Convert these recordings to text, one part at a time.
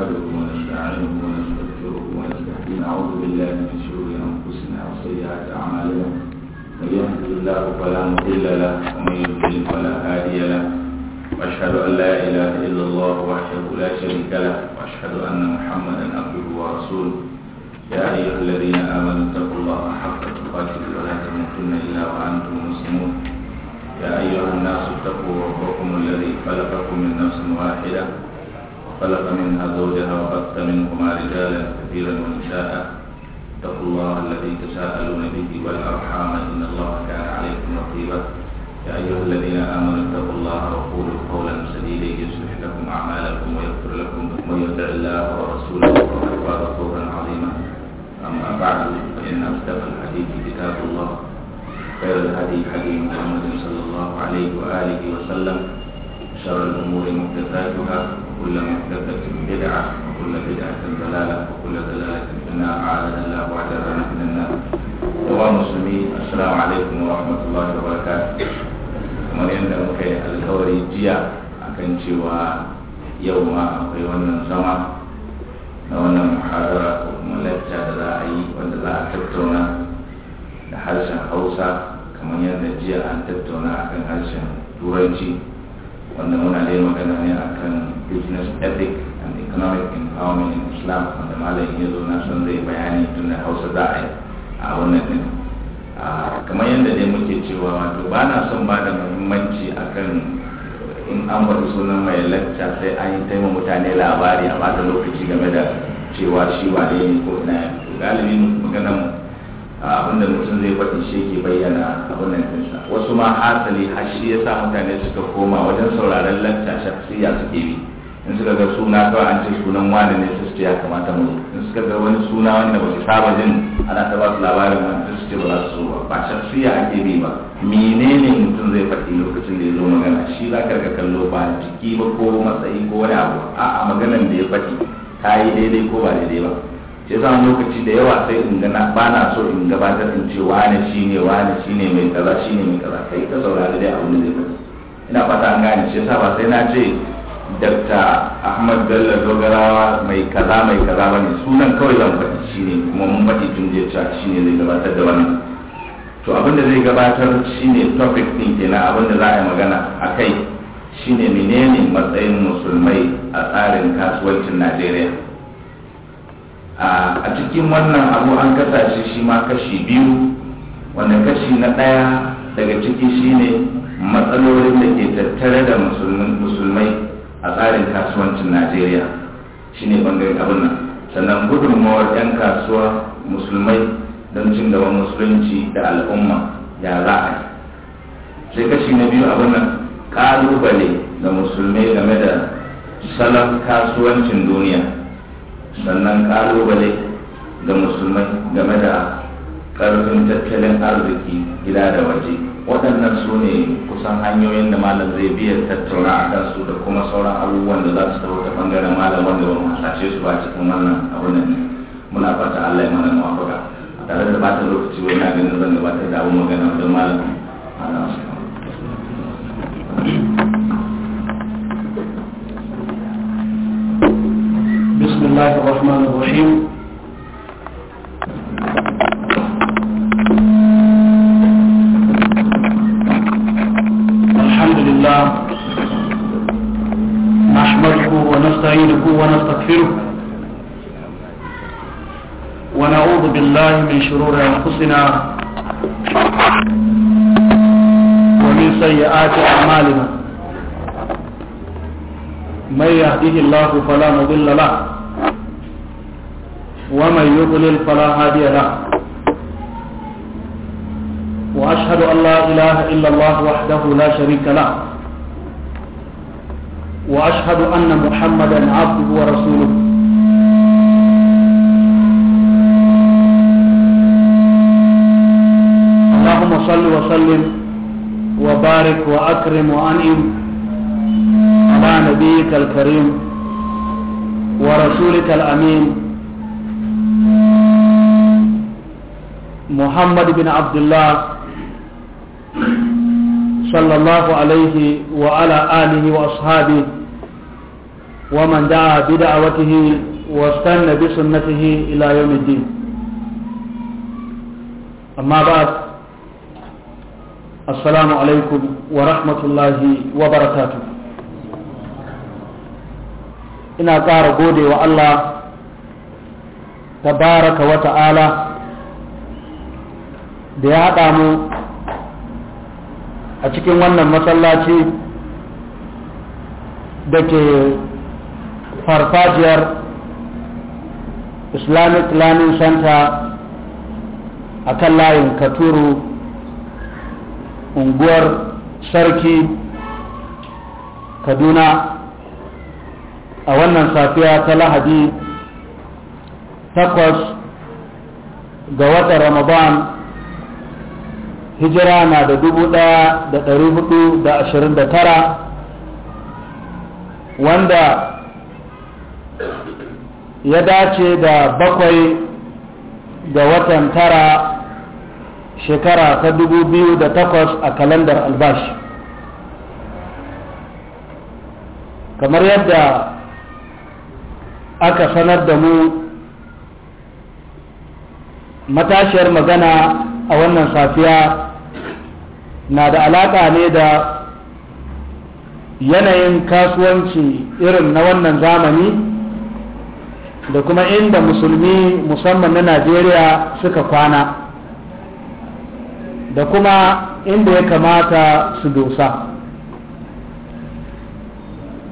نحمده ونستعينه ونستغفره ونستهديه نعوذ بالله من شرور انفسنا وسيئات اعمالنا من يهده الله فلا مضل له ومن يضلل فلا هادي له واشهد ان لا اله الا الله وحده لا شريك له واشهد ان محمدا عبده ورسوله يا ايها الذين امنوا اتقوا الله حق تقاته ولا تموتن الا وانتم مسلمون يا ايها الناس اتقوا ربكم الذي خلقكم من نفس واحده خلق منها زوجها وبث منهما رجالا كثيرا ونساء اتقوا الله الذي تساءلون به والارحام ان الله كان عليكم رقيبا يا ايها الذين امنوا اتقوا الله وقولوا قولا سديدا يصلح لكم اعمالكم ويغفر لكم ومن يطع الله ورسوله فقد فاز فوزا عظيما اما بعد فان اصدق الحديث كتاب الله خير الهدي هدي محمد صلى الله عليه واله وسلم شر الامور محدثاتها وكل محدثة بدعة وكل بدعة ضلالة وكل ضلالة في النار أعاذنا الله وأجرنا من النار أيها المسلمين السلام عليكم ورحمة الله وبركاته kamar yadda muka yi alkawari jiya akan cewa yau ma akwai wannan zama na wannan muhadara ko kuma lacca da za a yi wanda za a tattauna da harshen hausa kamar yadda jiya an tattauna akan harshen turanci wanda muna da magana ne akan business ethic and economic empowerment in islam wanda malam ya zo na son zai bayani tun da hausa za a yi a wannan din kamar yadda dai muke cewa wato ba na son ba da muhimmanci akan in an bari sunan mai lacca sai an yi taima mutane labari a bata lokaci game da cewa shi wane ne ko ina galibi maganar abinda mutum zai faɗi shi ke bayyana abin nan dinsa wasu ma hasali har shi ya sa mutane suka koma wajen sauraron lacca shaksiya suke bi in suka ga suna kawai an ce sunan wani ne su ce ya kamata mu in suka ga wani suna wanda ba su saba jin ana ta ba su labarin wani su ce ba za su ba ba shaksiya ake bi ba menene mutum zai faɗi lokacin da ya zo magana shi za ka ga kallo ba jiki ba ko matsayi ko wani abu a'a maganan da ya faɗi ta yi daidai ko ba daidai ba ya zama lokaci da yawa sai in gana ba na so in gabatar in ce wani shi ne wani shi ne mai kaza shi ne mai kaza kai ka saurari dai abu zai faɗi ina fata an gane shi yasa ba sai na ce dr ahmad bello dogarawa mai kaza mai kaza ba ne sunan kawai zan faɗi shi ne kuma mun faɗi tun da cewa shi ne zai gabatar da wannan to abin da zai gabatar shi ne topic ɗin kenan abin da za a yi magana a kai shine menene matsayin musulmai a tsarin kasuwancin najeriya a cikin wannan abu an kasa shi shi ma kashi biyu wanda kashi na ɗaya daga ciki shine matsalolin da ke tattare da musulmai a tsarin kasuwancin najeriya shine bangaren abin nan sannan gudunmawar 'yan kasuwa musulmai don cin gaba musulunci da al'umma ya za a sai kashi na biyu abin nan kalubale da musulmai game da salon kasuwancin duniya sannan kalubale ga musulmai game da karfin tattalin arziki gida da waje waɗannan su ne kusan hanyoyin da malam zai biya tattauna a kan su da kuma sauran abubuwan da za su taro ta bangaren malam wanda ba mu hasashe su ba cikin wannan abun nan muna fata Allah ya mana mafaka a tare da bata lokaci wani ganin zan gabatar da abun magana wajen malam malam Thank you. بسم الله الرحمن الرحيم الحمد لله نحمده ونستعينه ونستغفره ونعوذ بالله من شرور أنفسنا ومن سيئات أعمالنا من يهده الله فلا مضل له ومن يضلل فلا هادي له وأشهد أن لا إله إلا الله وحده لا شريك له وأشهد أن محمدا عبده ورسوله اللهم صل وسلم وبارك وأكرم وأنعم على نبيك الكريم ورسولك الأمين محمد بن عبد الله صلى الله عليه وعلى آله وأصحابه ومن دعا بدعوته واستنى بسنته إلى يوم الدين أما بعد السلام عليكم ورحمة الله وبركاته إنا قار قودي وألا تبارك وتعالى da ya haɗa mu a cikin wannan masallaci da ke farfajiyar islamic learning center a kan layin katuru unguwar sarki kaduna a wannan safiya ta lahadi takwas ga watan ramadan hijira na da dubu ɗaya da ɗari hudu da ashirin da tara wanda ya dace da bakwai ga watan tara shekara ta dubu biyu da takwas a kalandar albashi kamar yadda aka sanar da mu matashiyar magana a wannan safiya na da alaƙa ne da yanayin kasuwanci irin na wannan zamani da kuma inda musulmi musamman na najeriya suka kwana da kuma inda ya kamata su dosa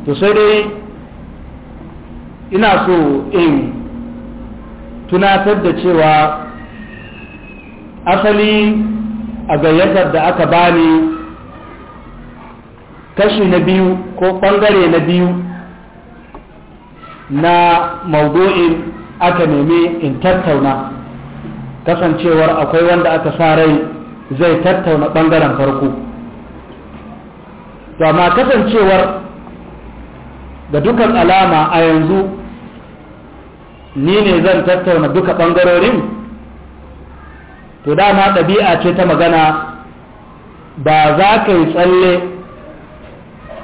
to sai dai ina so in tunatar da cewa asali a gayyatar da aka bani kashi na biyu ko ɓangare na biyu na maudu'in aka nemi in tattauna kasancewar akwai wanda aka sa rai zai tattauna ɓangaren farko to amma kasancewar da dukan alama a yanzu ni ne zan tattauna duka ɓangarorin to dama ɗabi'a ce ta magana ba za ka yi tsalle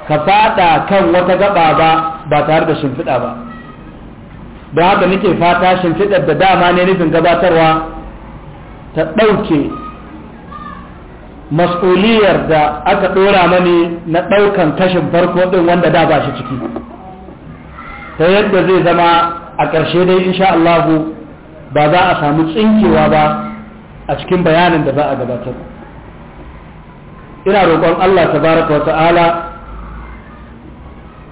ka fada kan wata gaba ba ba tare da shimfiɗa ba don haka nake fata shimfiɗar da dama ne nufin gabatarwa ta ɗauke mas'uliyar da aka ɗora mani na ɗaukan kashin farko ɗin wanda da ba shi ciki ta yadda zai zama a ƙarshe dai insha Allahu ba za a samu tsinkewa ba a cikin bayanin da za a gabatar ina roƙon Allah tabaraka wa ta'ala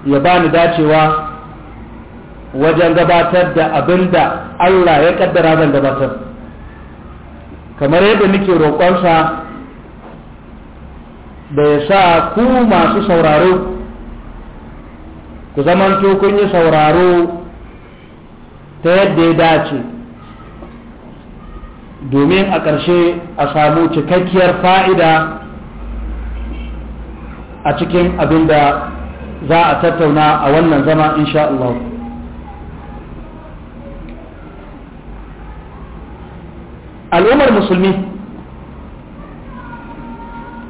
ya bani dacewa wajen gabatar da abin da Allah ya kaddara zan gabatar kamar yadda muke roƙonsa da ya sa ku masu sauraro ku zamanto kun yi sauraro ta yadda ya dace domin a ƙarshe a samu cikakkiyar fa'ida a cikin abin da za a tattauna a wannan zama insha Allah al'ummar musulmi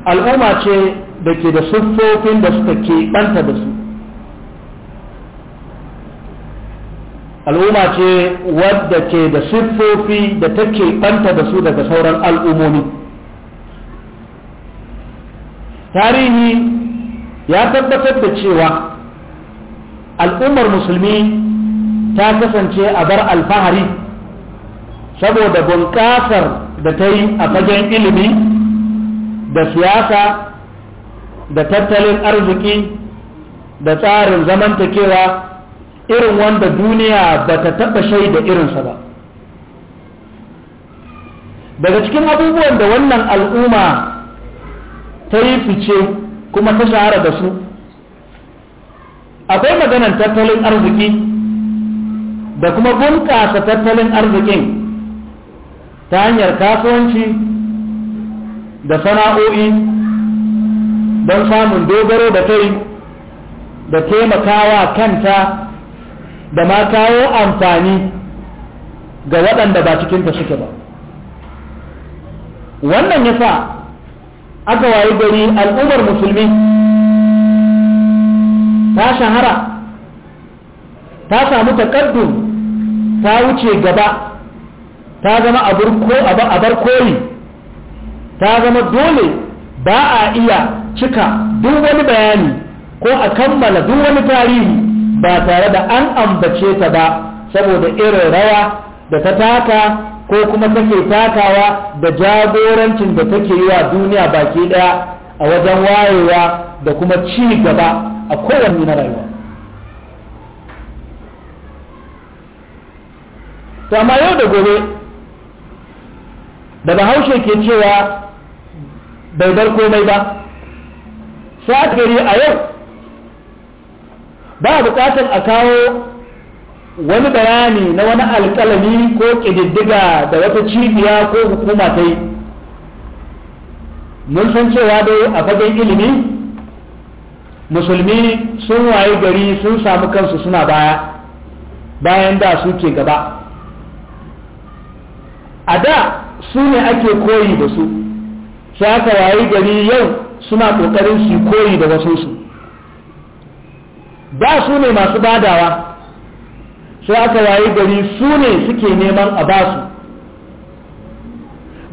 al'umma ce da ke da siffofin da suka ke ɓanta da su al'umma ce wadda ke da siffofi da take banta da su daga sauran al'ummomi tarihi ya tabbatar da cewa al'ummar musulmi ta kasance a bar alfahari saboda bunƙasar da ta yi a fagen ilimi da siyasa da tattalin arziki da tsarin zamantakewa irin wanda duniya ba ta taɓa shaida irinsa ba daga cikin abubuwan da wannan al'umma ta yi fice kuma ta shahara da su akwai maganar tattalin arziki da kuma bunƙasa tattalin arzikin ta hanyar kasuwanci da sana'o'i don samun dogaro da kai da taimakawa kanta da ma kawo amfani ga waɗanda ba cikinta suke ba wannan ya sa aka wayi gari al'ummar musulmi ta shahara ta samu takardun ta wuce gaba ta zama abar koli ta zama dole ba a iya cika duk wani bayani ko a kammala duk wani tarihi ba tare da an ambace ta ba saboda irin rawa da ta taka ko kuma take takawa da jagorancin da take yi wa duniya baki ɗaya a wajen wayewa da kuma ci gaba a kowanne na rayuwa amma yau da gobe da bahaushe ke cewa bai bar komai ba sa'ad gari a yau ba buƙatar a kawo wani bayani na wani alƙalami ko ƙididdiga da wata cibiya ko hukuma ta yi mun san cewa dai a fagen ilimi musulmi sun waye gari sun samu kansu suna baya bayan da su ke gaba a da su ne ake koyi da su sai aka waye gari yau suna ƙoƙarin su koyi da wasu su ba su ne masu badawa sai aka waye gari su ne suke neman a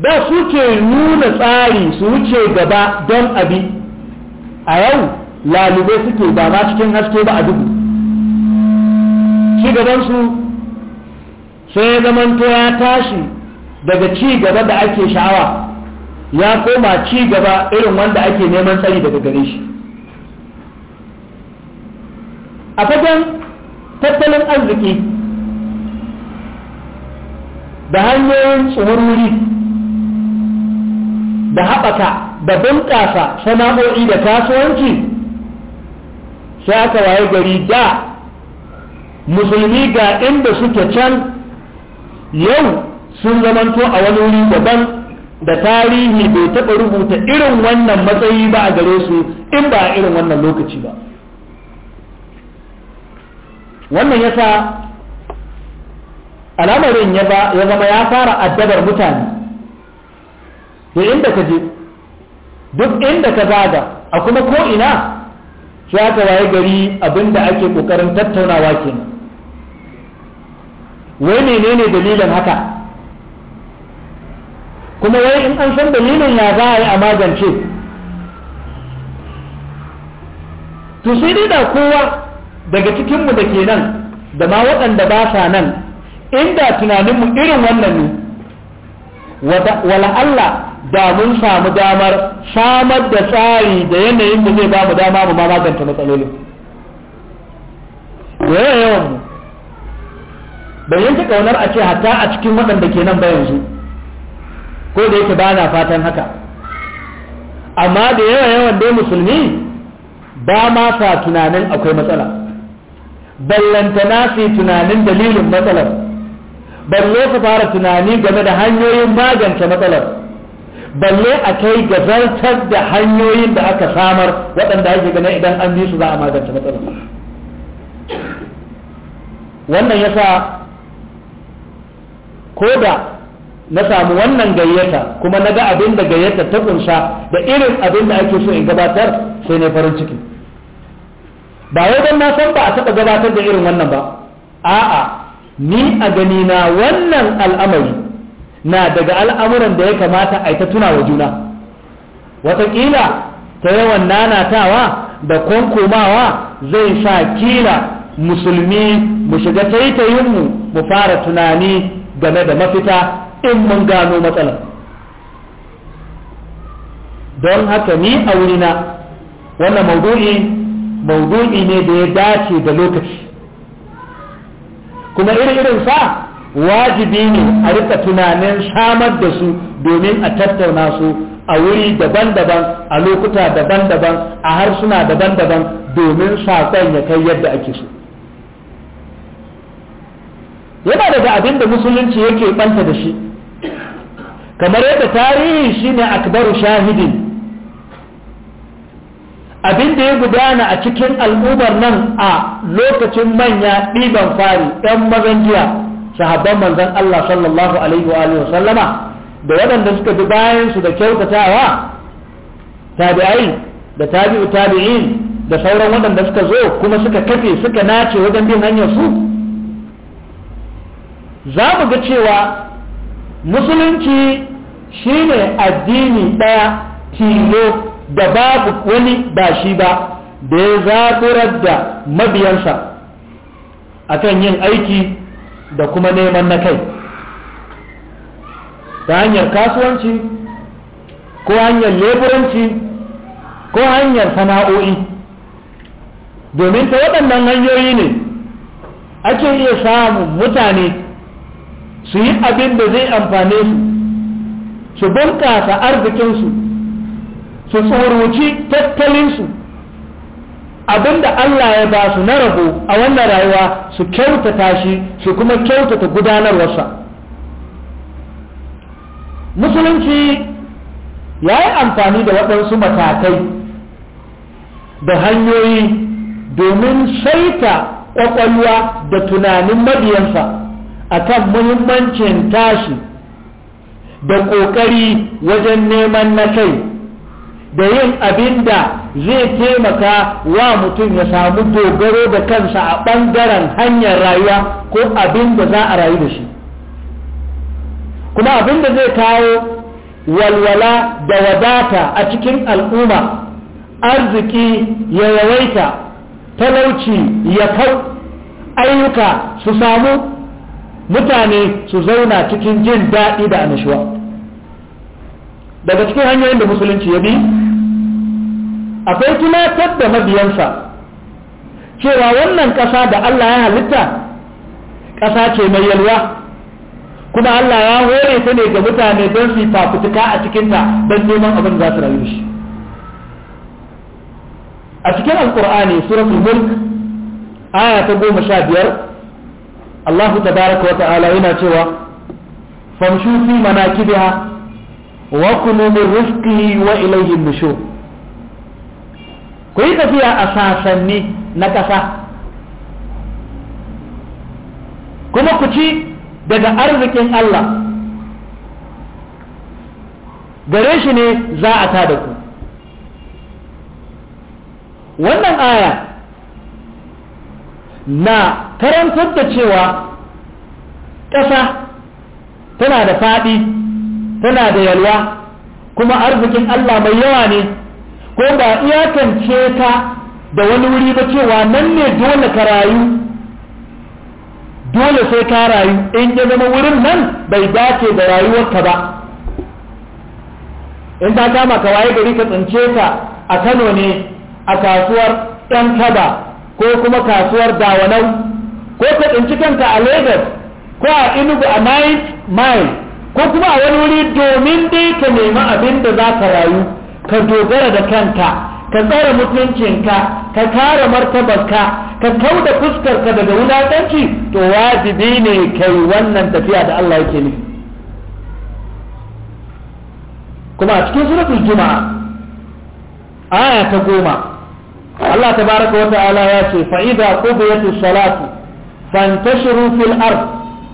basu su ke nuna tsari su wuce gaba don abi a yau lalube suke ba ma cikin haske ba a dubu gabansu sai zamanto ya tashi daga ci gaba da ake sha'awa ya koma ci gaba irin wanda ake neman tsari daga gare shi a fagen tattalin arziki da hanyoyin tsohon da haɓaka da bunƙasa sana'o'i da kasuwanci sai aka waye gari da musulmi ga inda suke can yau sun zamanto a wani wuri daban da tarihi bai taɓa rubuta irin wannan matsayi ba a gare su in ba a irin wannan lokaci ba wannan ya sa al'amarin ya zama ya fara addabar mutane da inda ka je duk inda ka zaga a kuma ko ina shi aka waye gari abinda ake kokarin tattaunawa kenan wai menene dalilin haka kuma wai in an san dalilin ya za a yi a magance to sai dai da kowa daga cikinmu da ke nan da ma waɗanda ba sa nan inda tunaninmu irin wannan ne wala Allah da mun samu damar samar da tsari da yanayin da zai ba mu dama mu ma maganta matsalolin yawan yawan mu bai yanke kaunar a ce hatta a cikin waɗanda ke nan ba yanzu ko da yake ba na fatan haka amma da yawa yawan dai musulmi ba ma sa tunanin akwai matsala na fi tunanin dalilin matsalar balle su fara tunani game da hanyoyin magance matsalar balle a kai ga zartar da hanyoyin da aka samar waɗanda ake gane idan an bi su za a magance matsalar wannan sa ko da na samu wannan gayyata kuma na ga abin da gayyata ta kunsa da irin abin da ake so in gabatar sai ne farin ciki ba wai don na san ba a taɓa gabatar da irin wannan ba a'a ni a gani na wannan al'amari na daga al'amuran da ya kamata a ta tuna wa juna wataƙila ta yawan nanatawa da kwankomawa zai sa kila musulmi mu shiga taitayinmu mu fara tunani game da mafita in mun gano matsalar don haka ni a wurina wannan maudu'i maudu'i ne da ya dace da lokaci kuma irin sa wajibi ne a rika tunanin samar da su domin a tattauna su a wuri daban-daban a lokuta daban-daban a harsuna daban-daban domin saƙon ya kai yadda ake so yana daga abin da musulunci yake ɓanta da shi kamar yadda tarihi shine akbaru shahidin abin da ya gudana a cikin al'ummar nan a lokacin manya ɗiban fari ɗan mazan jiya sahabban manzan Allah sallallahu alaihi wa sallama da waɗanda suka bi bayan su da kyautatawa tabi'ai da tabi'u tabi'in da sauran waɗanda suka zo kuma suka kafe suka nace wajen bin hanyar su za mu ga cewa musulunci shine addini ɗaya tilo da babu wani ba shi ba da ya zaburar da mabiyansa a kan yin aiki da kuma neman na kai ta hanyar kasuwanci ko hanyar leburanci ko hanyar sana'o'i domin ta waɗannan hanyoyi ne ake iya samun mutane su yi abin da zai amfane su su bunƙasa arzikinsu su tsoroci tattalinsu abinda Allah ya ba su na rabo a wannan rayuwa su kyautata shi su kuma kyautata gudanarwarsa musulunci ya yi amfani da waɗansu matakai da hanyoyi domin saita ƙwaƙwalwa da tunanin mabiyansa a kan muhimmancin tashi da ƙoƙari wajen neman na kai da yin abin da zai taimaka wa mutum ya samu dogaro da kansa a ɓangaren hanyar rayuwa ko abin da za a rayu da shi kuma abin da zai kawo walwala da wadata a cikin al'umma arziki ya yawaita talauci ya kau ayyuka su samu mutane su zauna cikin jin daɗi da annashuwa daga cikin hanyoyin da musulunci ya bi akwai tunatar da mabiyansa cewa wannan ƙasa da Allah ya halitta ƙasa ce mai yalwa kuma Allah ya hore ta ne ga mutane don su fafutuka a cikinta don neman abin za su rayu a cikin alkur'ani suratul mulk aya ta goma sha biyar Allah tabaraka wa ta'ala yana cewa famshu fi manakibiha wa kunu min rizqihi wa ilayhi nushur ku yi tafiya a sasanni na ƙasa kuma ku ci daga arzikin Allah gare shi ne za a ta da ku wannan aya na karantar da cewa ƙasa tana da faɗi tana da yalwa kuma arzikin Allah mai yawa ne ko ba iyakance ta da wani wuri ba cewa nan ne dole ka rayu dole sai ka rayu in ya zama wurin nan bai dace da rayuwarka ba in ta kama ka waye gari ka tsince ka a kano ne a kasuwar ɗan kaba ko kuma kasuwar dawanau ko ka tsinci kanka a lagos ko a inugu a nine mile ko kuma a wani wuri domin dai ka nemi abin da za ka rayu ka dogara da kanka ka tsara mutuncinka ka kare martabarka ka kau da fuskarka daga wulaƙanci to wajibi ne kai wannan tafiya da Allah yake nufi kuma a cikin suratul juma'a aya ta goma Allah tabaraka wa ta'ala ya ce fa idza qudiyatis salatu fantashiru fil ard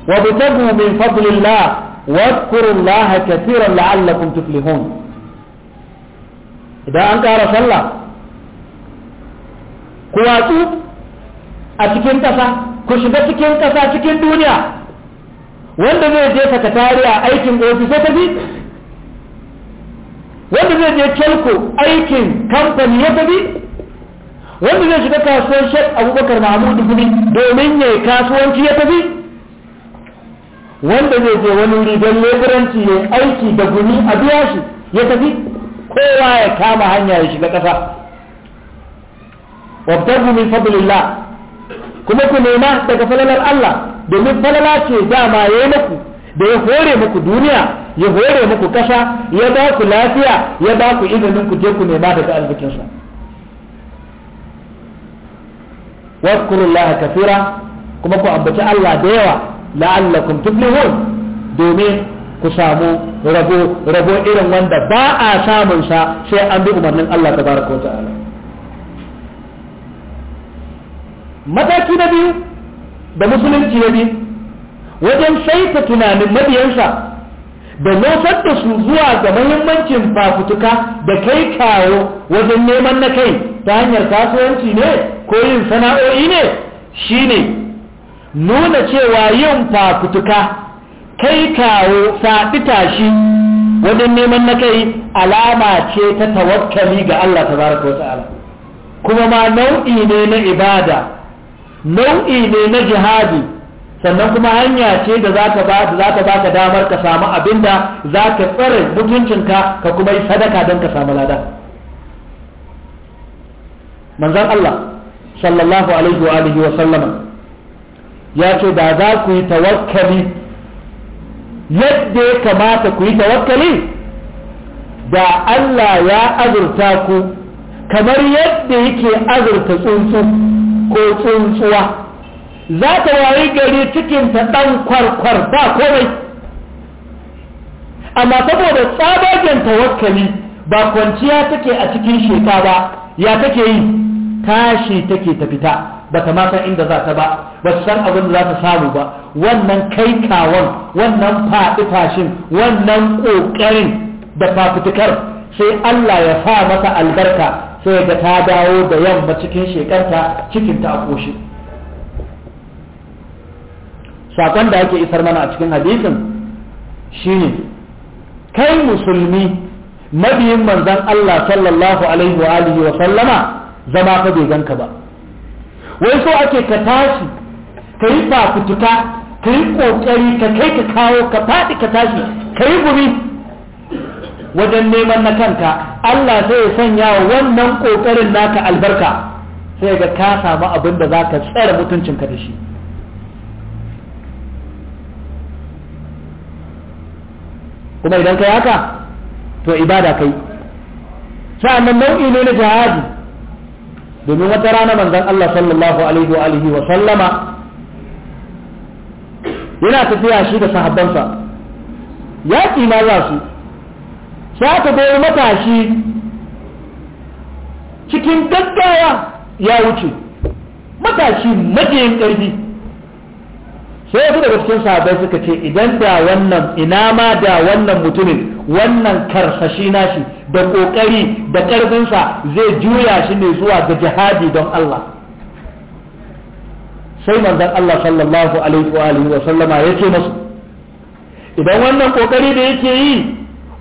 wabtagu min fadlillah واذكروا الله كثيرا لعلكم تفلحون idan an ƙara sallah ku watsu a cikin ƙasa ku shiga cikin ƙasa cikin duniya wanda zai je sakatariya aikin ofis wanda zai je kelko aikin kamfani ya tafi wanda zai shiga kasuwar shek abubakar mahmudu gumi domin ya yi kasuwanci ya tafi wanda zai je wani wuri don leburanci ya aiki da gumi a biya shi ya tafi kowa ya kama hanya ya shiga ƙasa wabtagu min fadlillah kuma ku nema daga falalar Allah domin falala ce dama ya yi muku da ya hore muku duniya ya hore muku ƙasa ya ba ku lafiya ya ba ku izinin ku je ku nema daga arzikinsa wadkurullaha kafira kuma ku ambaci Allah da yawa la'allakum tuflihun domin ku samu rabo rabo irin wanda ba a samun sa sai an bi umarnin Allah baraka wa ta'ala mataki na biyu da musulunci ya bi wajen saita tunanin mabiyansa da nufar da su zuwa ga muhimmancin fafutuka da kai kawo wajen neman na kai ta hanyar kasuwanci ne ko yin sana'o'i ne shine nuna cewa yin fafutuka kai kawo faɗi tashi wajen neman na kai alama ce ta tawakkali ga Allah ta tabaraka wata'ala kuma ma nau'i ne na ibada nau'i ne na jihadi sannan kuma hanya ce da za ta ba ka damar ka samu abinda za ka tsare mutuncinka ka kuma yi sadaka don ka samu lada manzan Allah sallallahu alaihi wa sallama ya ce da za ku yi tawakkali yadda ya kamata ku yi tawakkali da Allah ya azurta ku kamar yadda yake azurta tsuntsu ko tsuntsuwa za ta wayi gari cikinta ɗan kwarkwar ba komai amma saboda tsabagen tawakkali ba kwanciya take a cikin sheka ba ya take yi tashi take ta fita ba ta ma san inda za ta ba ba su san abin da za ta samu ba wannan kaikawan wannan faɗi fashin wannan ƙoƙarin da fafutukar sai Allah ya sa mata albarka sai ga ta dawo da yamma cikin shekarta cikinta a ƙoshi sakon da ake isar mana a cikin hadisin shine kai musulmi mabiyin manzon Allah sallallahu alaihi wa alihi wa sallama zama ka bai ganka ba wai so ake ka tashi ka yi fafutuka ka yi ƙoƙari ka kai ka kawo ka faɗi ka tashi ka yi gumi wajen neman na kanka Allah sai ya sanya wa wannan ƙoƙarin naka albarka sai ga ka samu abin da za ka tsara mutuncinka da shi kuma idan yi haka to ibada kai sa'annan nau'i ne na jihadi domin wata rana manzon Allah sallallahu alaihi wa alihi wa sallama yana tafiya shi da sahabbansa yaƙi ma za su sai aka bayar matashi cikin gaggawa ya wuce matashi majiyin ƙarfi sai wasu daga cikin sahabbai suka ce idan da wannan ina ma da wannan mutumin wannan karsashi nashi da kokari da karfinsa zai juya shi ne zuwa ga jihadi don Allah sai manzon Allah sallallahu alaihi wa alihi wa sallama yake idan wannan kokari da yake yi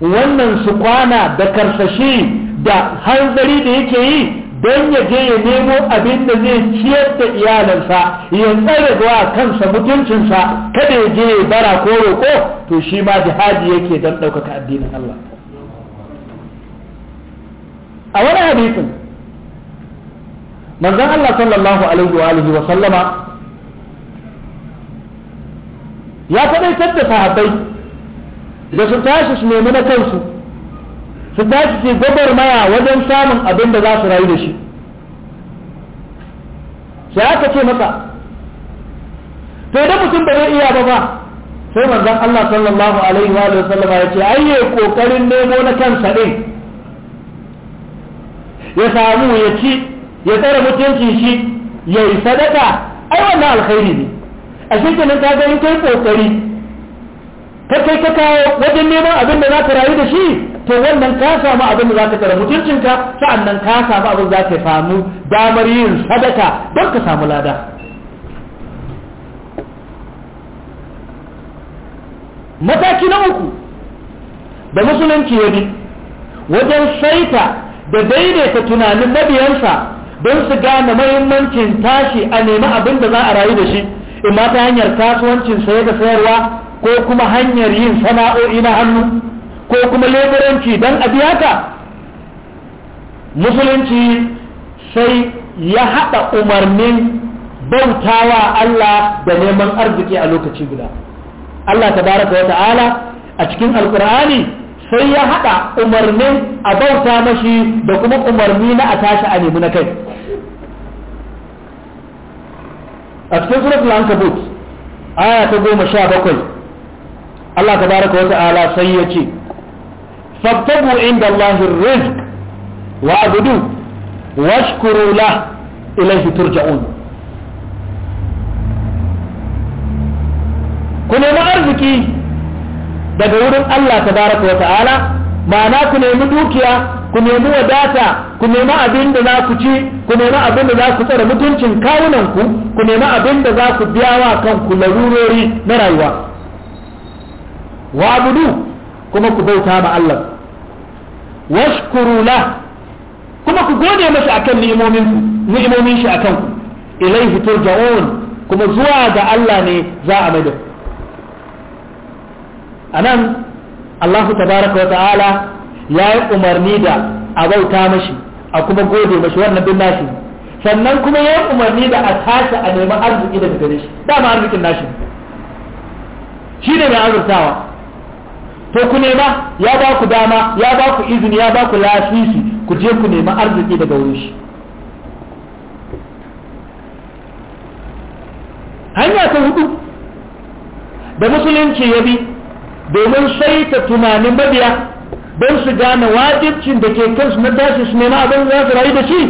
wannan su kwana da karsashi da hanzari da yake yi don ya je ya nemo abin da zai ciyar da iyalansa ya tsare zuwa kansa mutuncinsa kada ya je ya bara ko roƙo to shi ma jihadi yake don ɗaukaka addinin Allah a wani hadisin manzan Allah sallallahu alaihi wa sallama ya faɗaitar da sahabbai da su tashi su nemi na kansu su ci su maya wajen samun abin da za su rayu da shi sai aka ce masa to idan mutum ba zai iya ba ba sai manzon Allah sallallahu alaihi wa sallam ya ce ai yayi kokarin nemo na kansa din ya samu ya ci ya tsara mutuncin shi ya yi sadaka ai wannan alkhairi ne a shi kenan ka ga in kai kokari ka kai ka kawo wajen neman abin da za ka rayu da shi to wannan ka samu abin da za ka tsara mutuncinka sa'annan ka samu abin za ka samu damar yin sadaka don ka samu lada mataki na uku da musulunci ya bi wajen saita da daidaita tunanin mabiyansa don su gane mahimmancin tashi a nemi abin da za a rayu da shi imma ta hanyar kasuwancin saye da sayarwa ko kuma hanyar yin sana'o'i na hannu ko kuma leburanci don a biya ka musulunci sai ya haɗa umarnin bautawa Allah da neman arziki a lokaci guda Allah tabaraka wa ta'ala a cikin alkur'ani sai ya haɗa umarnin a bauta mashi da kuma umarni na a tashi a nemi na kai a cikin suratul ankabut aya ta goma sha bakwai Allah ta wata ala sai ya ce fattabu inda Allah rizq wa abudu washkuru la ilaihi turja'un ku nemi arziki daga wurin Allah ta tabaraka wata'ala ma'ana ku nemi dukiya ku nemi wadata ku nemi abin da za ku ci ku nemi abin da za ku tsara mutuncin kawunanku ku nemi abin da za ku biya wa kanku larurori na rayuwa wa'budu kuma ku bauta ma Allah washkuru la kuma ku gode masa akan ni'imomin ni'imomin shi akan ku ilaihi turja'un kuma zuwa ga Allah ne za a maida anan Allah tabaraka wa ta'ala ya yi umarni da a bauta mashi a kuma gode mashi wannan bin nashi sannan kuma ya yi umarni da a tashi a neman arziki daga gare shi dama arzikin nashi shi ne mai azurtawa ko ku nema ya ba ku dama ya ba ku izini ya ba ku lasisi ku je ku nema arziki daga wurin shi hanya ta hudu da musulunci ya bi domin saita tunanin mabiya don su gane wajibcin da ke kansu na tashi su nema abin za su rayu da shi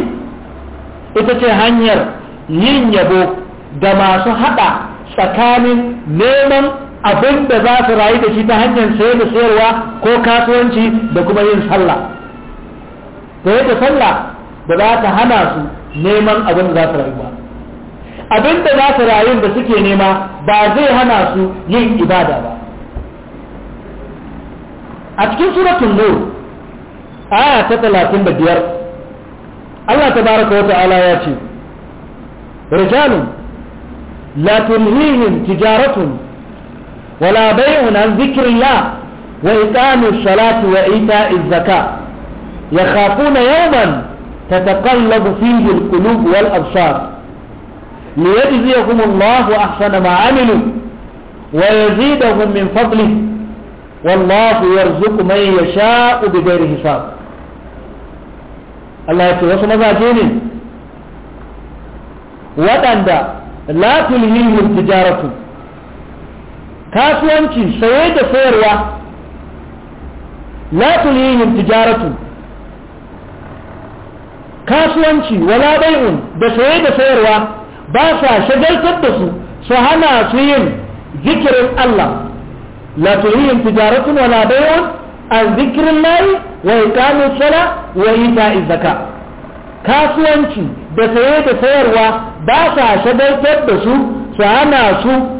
ita ce hanyar yin yabo da masu haɗa tsakanin neman abin da za su rayu da shi ta hanyar sayar da sayarwa ko kasuwanci da kuma yin sallah to yadda sallah da za ta hana su neman abin da za su rayu ba abin da za su rayu da suke nema ba zai hana su yin ibada ba a cikin suratun nur aya ta talatin da biyar Allah ta baraka wa ta'ala ya ce rijalun la tulhihim tijaratun ولا بيع عن ذكر الله وإقام الصلاة وإيتاء الزكاة يخافون يوما تتقلب فيه القلوب والأبصار ليجزيهم الله أحسن ما عملوا ويزيدهم من فضله والله يرزق من يشاء بغير حساب الله يقول ce wasu mazaje ne لا la tulhihim kasuwanci saye da sayarwa la tulihim tijaratu kasuwanci wala bai'un da saye da sayarwa ba sa shagaltar da su su hana su yin zikirin Allah la tulihim tijaratu wala bai'un an zikirin layi wa iqamus sala wa ita'iz zakat kasuwanci da saye da sayarwa ba sa shagaltar da su su hana su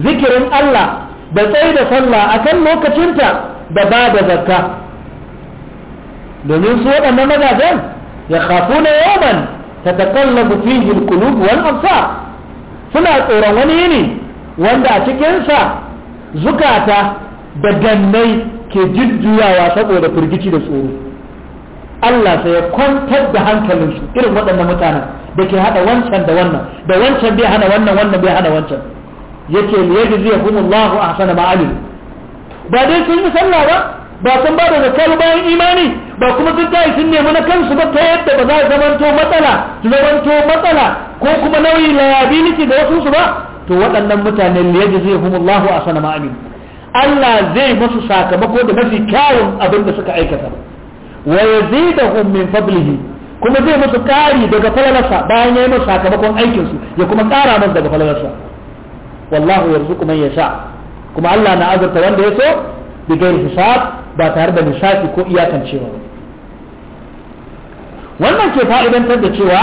zikirin Allah da tsaye da sallah a kan lokacinta da ba da zakka domin su waɗannan mazajen ya kafu na yawan ta takallabu fihil kulub wal amsa suna tsoron wani yini wanda a cikinsa zukata da gannai ke jujjuyawa saboda firgici da tsoro Allah sai ya kwantar da hankalinsu irin waɗannan mutanen da ke haɗa wancan da wannan da wancan bai hana wannan wannan bai hana wancan yake liyajzihum Allahu ahsana ma alim ba dai sun yi sallah ba ba sun ba da zakar bayan imani ba kuma sun tayi sun nemi na kansu ba ta yadda ba za a zamanto matsala zamanto matsala ko kuma nauyi liability da wasu su ba to waɗannan mutane liyajzihum Allahu ahsana ma alim Allah zai masu sakamako da mafi kyawun abin da suka aikata wa yazidahum min fadlihi kuma zai musu kari daga falalarsa bayan ya yi masu sakamakon aikinsu ya kuma kara masu daga falalarsa wallahu yarzuqu man yasha kuma Allah na azurta wanda ya so bi gairi hisab ba tare da lissafi ko iyakancewa wannan ke fa'idantar da cewa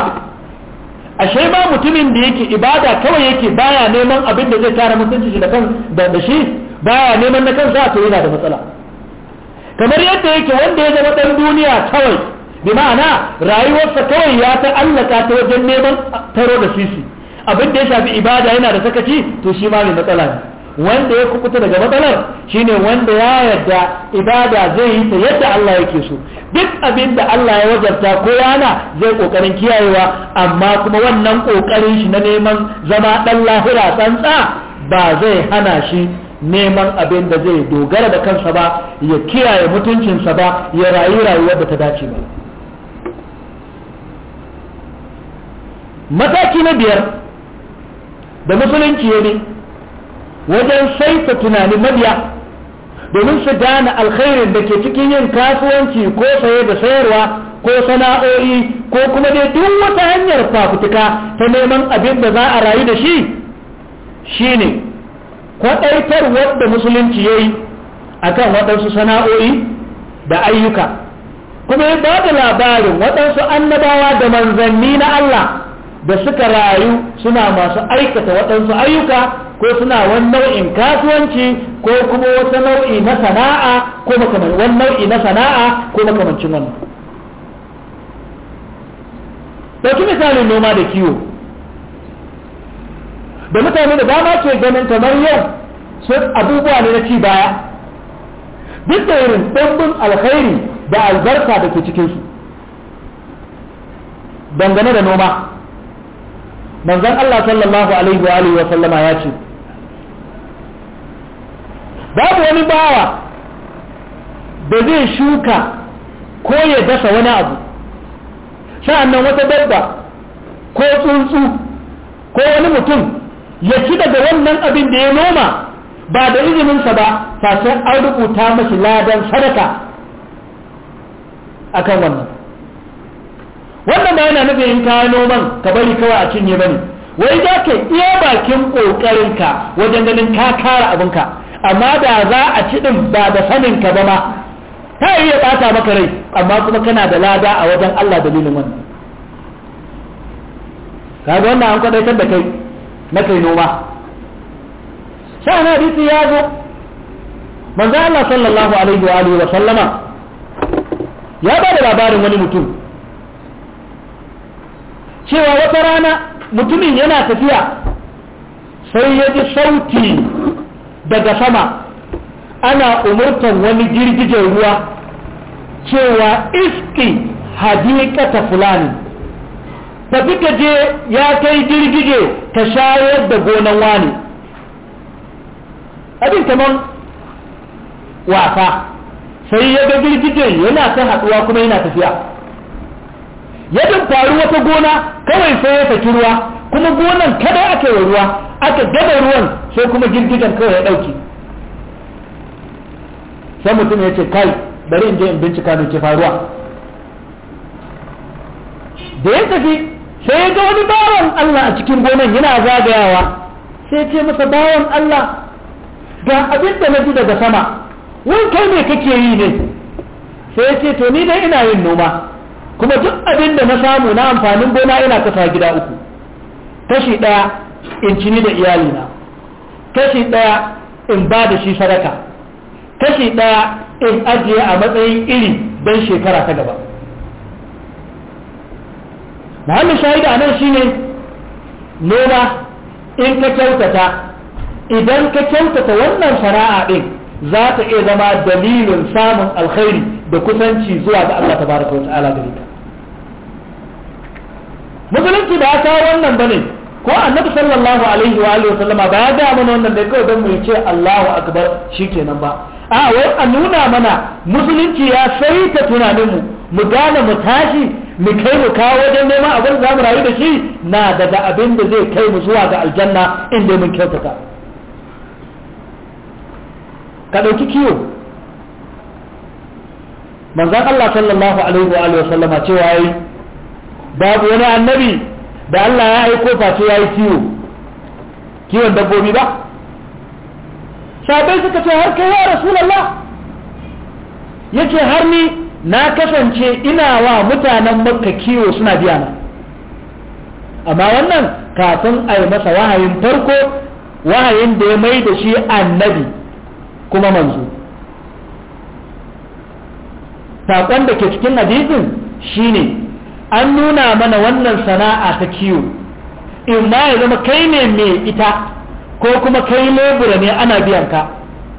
ashe ba mutumin da yake ibada kawai yake baya neman abin da zai tara mutunci da kan da shi baya neman na kansa to yana da matsala kamar yadda yake wanda ya zama dan duniya kawai bi ma'ana rayuwarsa kawai ya ta'allaka ta wajen neman taro da sisi abin da ya shafi ibada yana da sakaci to shi ma mai matsala ne wanda ya kukuta daga matsalar shine wanda ya yarda ibada zai yi ta yadda Allah yake so duk abin da Allah ya wazarta ko yana zai kokarin kiyayewa amma kuma wannan kokarin shi na neman zama dan lahira tsantsa ba zai hana shi neman abin da zai dogara da kansa ba ya kiyaye mutuncinsa ba ya rayu rayuwar da ta dace ba mataki na biyar da musulunci ya ne wajen saita tunanin mabiya domin su gane alkhairin da ke cikin yin kasuwanci ko saye da sayarwa ko sana'o'i ko kuma dai duk wata hanyar fafutuka ta neman abin da za a rayu da shi shine kwaɗaitar wadda musulunci ya yi a kan waɗansu sana'o'i da ayyuka kuma ya ba da labarin waɗansu annabawa da manzanni na Allah da suka rayu suna masu aikata waɗansu ayyuka ko suna wani nau'in kasuwanci ko kuma wata nau'i na sana'a ko wani nau'i na sana'a ko makamancin wannan ɗauki misalin noma da kiwo da mutane da dama ke ganin kamar yau su abubuwa ne na ci baya duk da irin ɗanɗin alkhairi da albarka da ke cikinsu dangane da noma manzon Allah sallallahu alaihi wa alihi wa sallama ya ce babu wani bawa da zai shuka ko ya dasa wani abu sa'annan wata dabba ko tsuntsu ko wani mutum ya ci daga wannan abin da ya noma ba da izininsa ba fasar an rubuta mashi ladan sadaka akan wannan wannan ba yana nufin in ka noman ka bari kawai a cinye bane wai za ka iya bakin ƙoƙarinka wajen ganin ka kara abinka amma da za a ci ɗin ba da ka ba ma ta iya bata maka rai amma kuma kana da lada a wajen Allah dalilin wannan kaga wannan an kwadaitar da kai na kai noma sa'an hadisi ya zo manzo Allah sallallahu alaihi wa alihi wa sallama ya ba da labarin wani mutum cewa wata rana mutumin yana tafiya sai ya ji sauti daga sama ana umurtan wani girgijen ruwa cewa iski hadikata fulani tafi ka je ya kai girgije ta shayar da gonan wani abin kamar wasa sai ya ga girgijen yana ta haɗuwa kuma yana tafiya Yadin faru wata gona kawai sai ya saki ruwa kuma gonan kada aka yi ruwa aka gaba ruwan sai kuma girgijen kawai ya ɗauki sai mutum ya ce kai bari in je in bincika mai ke faruwa da ya tafi sai ya ga wani bawan Allah a cikin gonan yana zagayawa sai ce masa bawan Allah ga abin da na ji daga sama wani kai ne kake yi ne sai ya ce to ni dai ina yin noma kuma duk abin da na samu na amfanin gona ina kasa gida uku kashi ɗaya in cini da iyalina kashi ɗaya in ba da shi sadaka kashi ɗaya in ajiye a matsayin iri don shekara ta gaba muhammin shahida nan shine noma in ka kyautata idan ka kyautata wannan sana'a ɗin za ta iya zama dalilin samun alkhairi da kusanci zuwa ga Allah tabaraka wa musulunci ba ta wannan bane ko annabi sallallahu alaihi wa alihi wasallama ba ya ga mana wannan da kawai dan mu ce Allahu akbar shikenan ba a wai a nuna mana musulunci ya sai ta tunanin mu mu gane mu tashi mu kai mu kawo wajen neman abin da zamu rayu da shi na daga abin da zai kai mu zuwa ga aljanna inda mun kyautata ka dauki kiwo manzan Allah sallallahu alaihi wa alihi wasallama cewa yayi babu wani annabi da Allah ya aiko face ya yi kiwo kiwon dabbobi ba sabai suka ce har kai ya rasulallah yake har ni na kasance ina wa mutanen makka kiwo suna biya na amma wannan kafin a yi masa wahayin farko wahayin da ya mai da shi annabi kuma manzo saƙon da ke cikin hadisin shi ne. an nuna mana wannan sana'a ta kiwo in ma ya zama kai ne mai ita ko kuma kai lebura ne ana biyan ka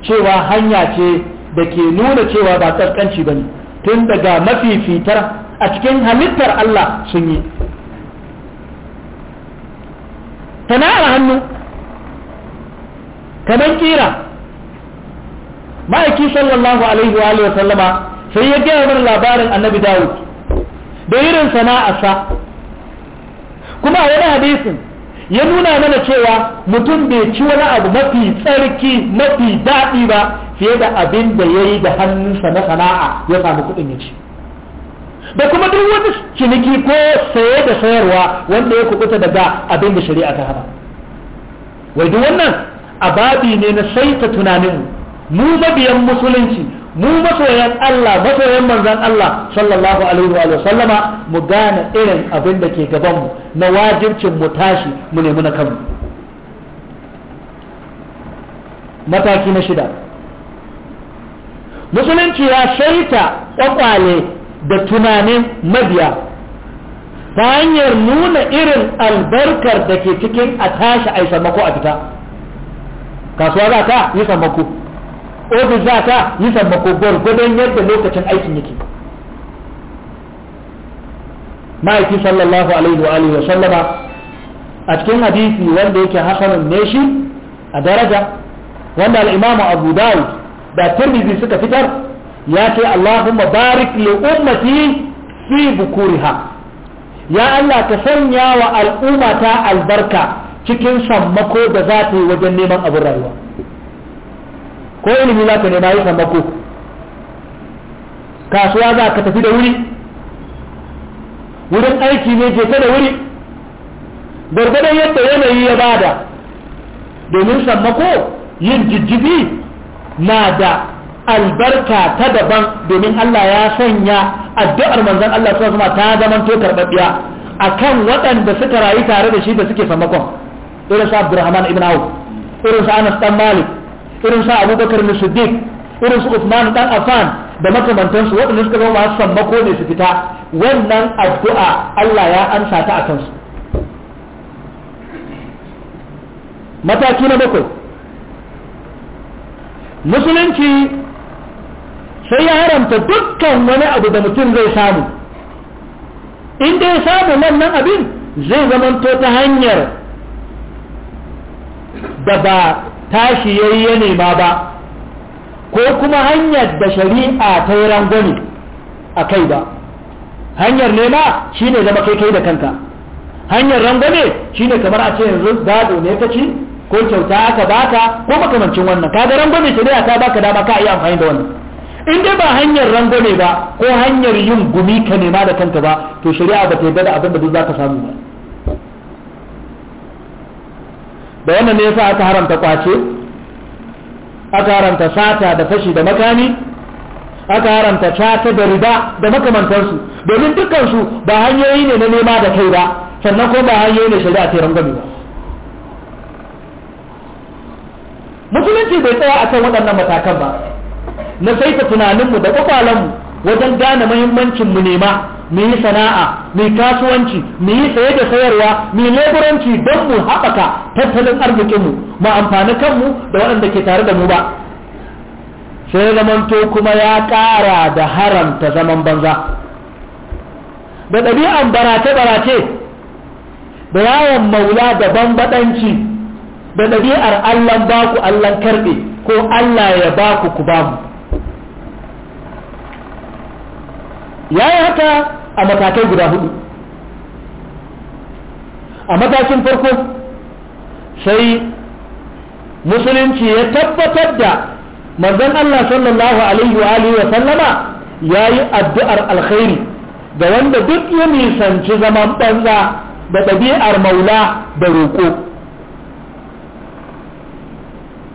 cewa hanya ce da ke nuna cewa ba tsarkanci ba ne tun daga mafifitar a cikin halittar Allah sun yi sana'ar hannu kamar kira ma'aiki sallallahu alaihi wa sallama sai ya gaya mana labarin annabi dawud da irin sa kuma a wani hadisin ya nuna mana cewa mutum bai ci wani abu mafi tsarki mafi daɗi ba fiye da abin da ya yi da hannunsa na sana'a ya samu kuɗin ya ci da kuma duk wani ciniki ko saye da sayarwa wanda ya kubuta daga abin da shari'a ta hana wai duk wannan ababi ne na saita tunaninmu mu mabiyan musulunci mu masoyan Allah masoyan manzan Allah sallallahu alaihi wa sallama mu gane irin abin da ke gaban mu na wajibcin mu tashi mu nemi na kanmu mataki na shida musulunci ya shaita kwakwale da tunanin mabiya ta hanyar nuna irin albarkar da ke cikin a tashi a yi sammako a fita kasuwa za ka yi sammako ofis za ka yi sammako gwargwadon yadda lokacin aikin yake ma'aiki sallallahu alaihi wa alihi wa sallama a cikin hadisi wanda yake hasanun ne shi a daraja wanda al'imamu abu dawud da tirmidhi suka fitar ya ce allahumma barik li ummati fi bukuriha ya allah ka sanya wa al'ummata albarka cikin sammako da za ta yi wajen neman abin rayuwa ko ilimi za ka nema yi sammako kasuwa za ka tafi da wuri wurin aiki ne ke ta da wuri gargadon yadda yanayi ya bada domin sammako yin jijjibi na da albarka ta daban domin Allah ya sanya addu'ar manzan Allah su zama ta zaman to karɓaɓɓiya a kan waɗanda suka rayu tare da shi da suke sammakon irin su abdurrahman ibn awu irin su anas dan malik irin su abubakar na siddiq irin su usman dan afan da makamantansu waɗanda suka zama masu sammako ne su fita wannan addu'a allah ya amsa ta a kansu mataki na bakwai musulunci sai ya haramta dukkan wani abu da mutum zai samu inda ya samu wannan abin zai zamanto ta hanyar da ba tashi yayi ya nema ba ko kuma hanyar da shari'a ta yi rangwani a kai ba hanyar nema shine zama kai kai da kanka hanyar rangwane shine kamar a ce yanzu gado ne ka ci ko kyauta aka baka ko makamancin wannan kaga rangwane shari'a ta baka dama ka yi amfani da wannan in dai ba hanyar rangwane ba ko hanyar yin gumi ka nema da kanka ba to shari'a ba ta yarda da abin da duk zaka samu ba da wannan ne yasa aka haramta kwace aka haramta sata da fashi da makami aka haramta cata da riba da makamantansu domin dukansu ba hanyoyi ne na nema da kai ba sannan ko ba hanyoyi ne shari'a ta rangwame ba musulunci bai tsaya a kan waɗannan matakan ba na saita tunaninmu da mu wajen gane muhimmancinmu nema mu yi sana'a mu yi kasuwanci mu yi saye da sayarwa mu yi leburanci don mu haɓaka tattalin arzikinmu mu amfani kanmu da waɗanda ke tare da mu ba sai zamanto kuma ya ƙara da haramta zaman banza da ɗabi'an barace-barace da yawon maula da banbaɗanci da ɗabi'ar allan baku allan karɓe ko allah ya baku ku bamu ya yi haka a matakai guda hudu a matakin farko sai musulunci ya tabbatar da manzon Allah sallallahu alaihi wa alihi wa sallama yayi addu'ar alkhairi ga wanda duk ya nisanci zaman banza da dabi'ar maula da roko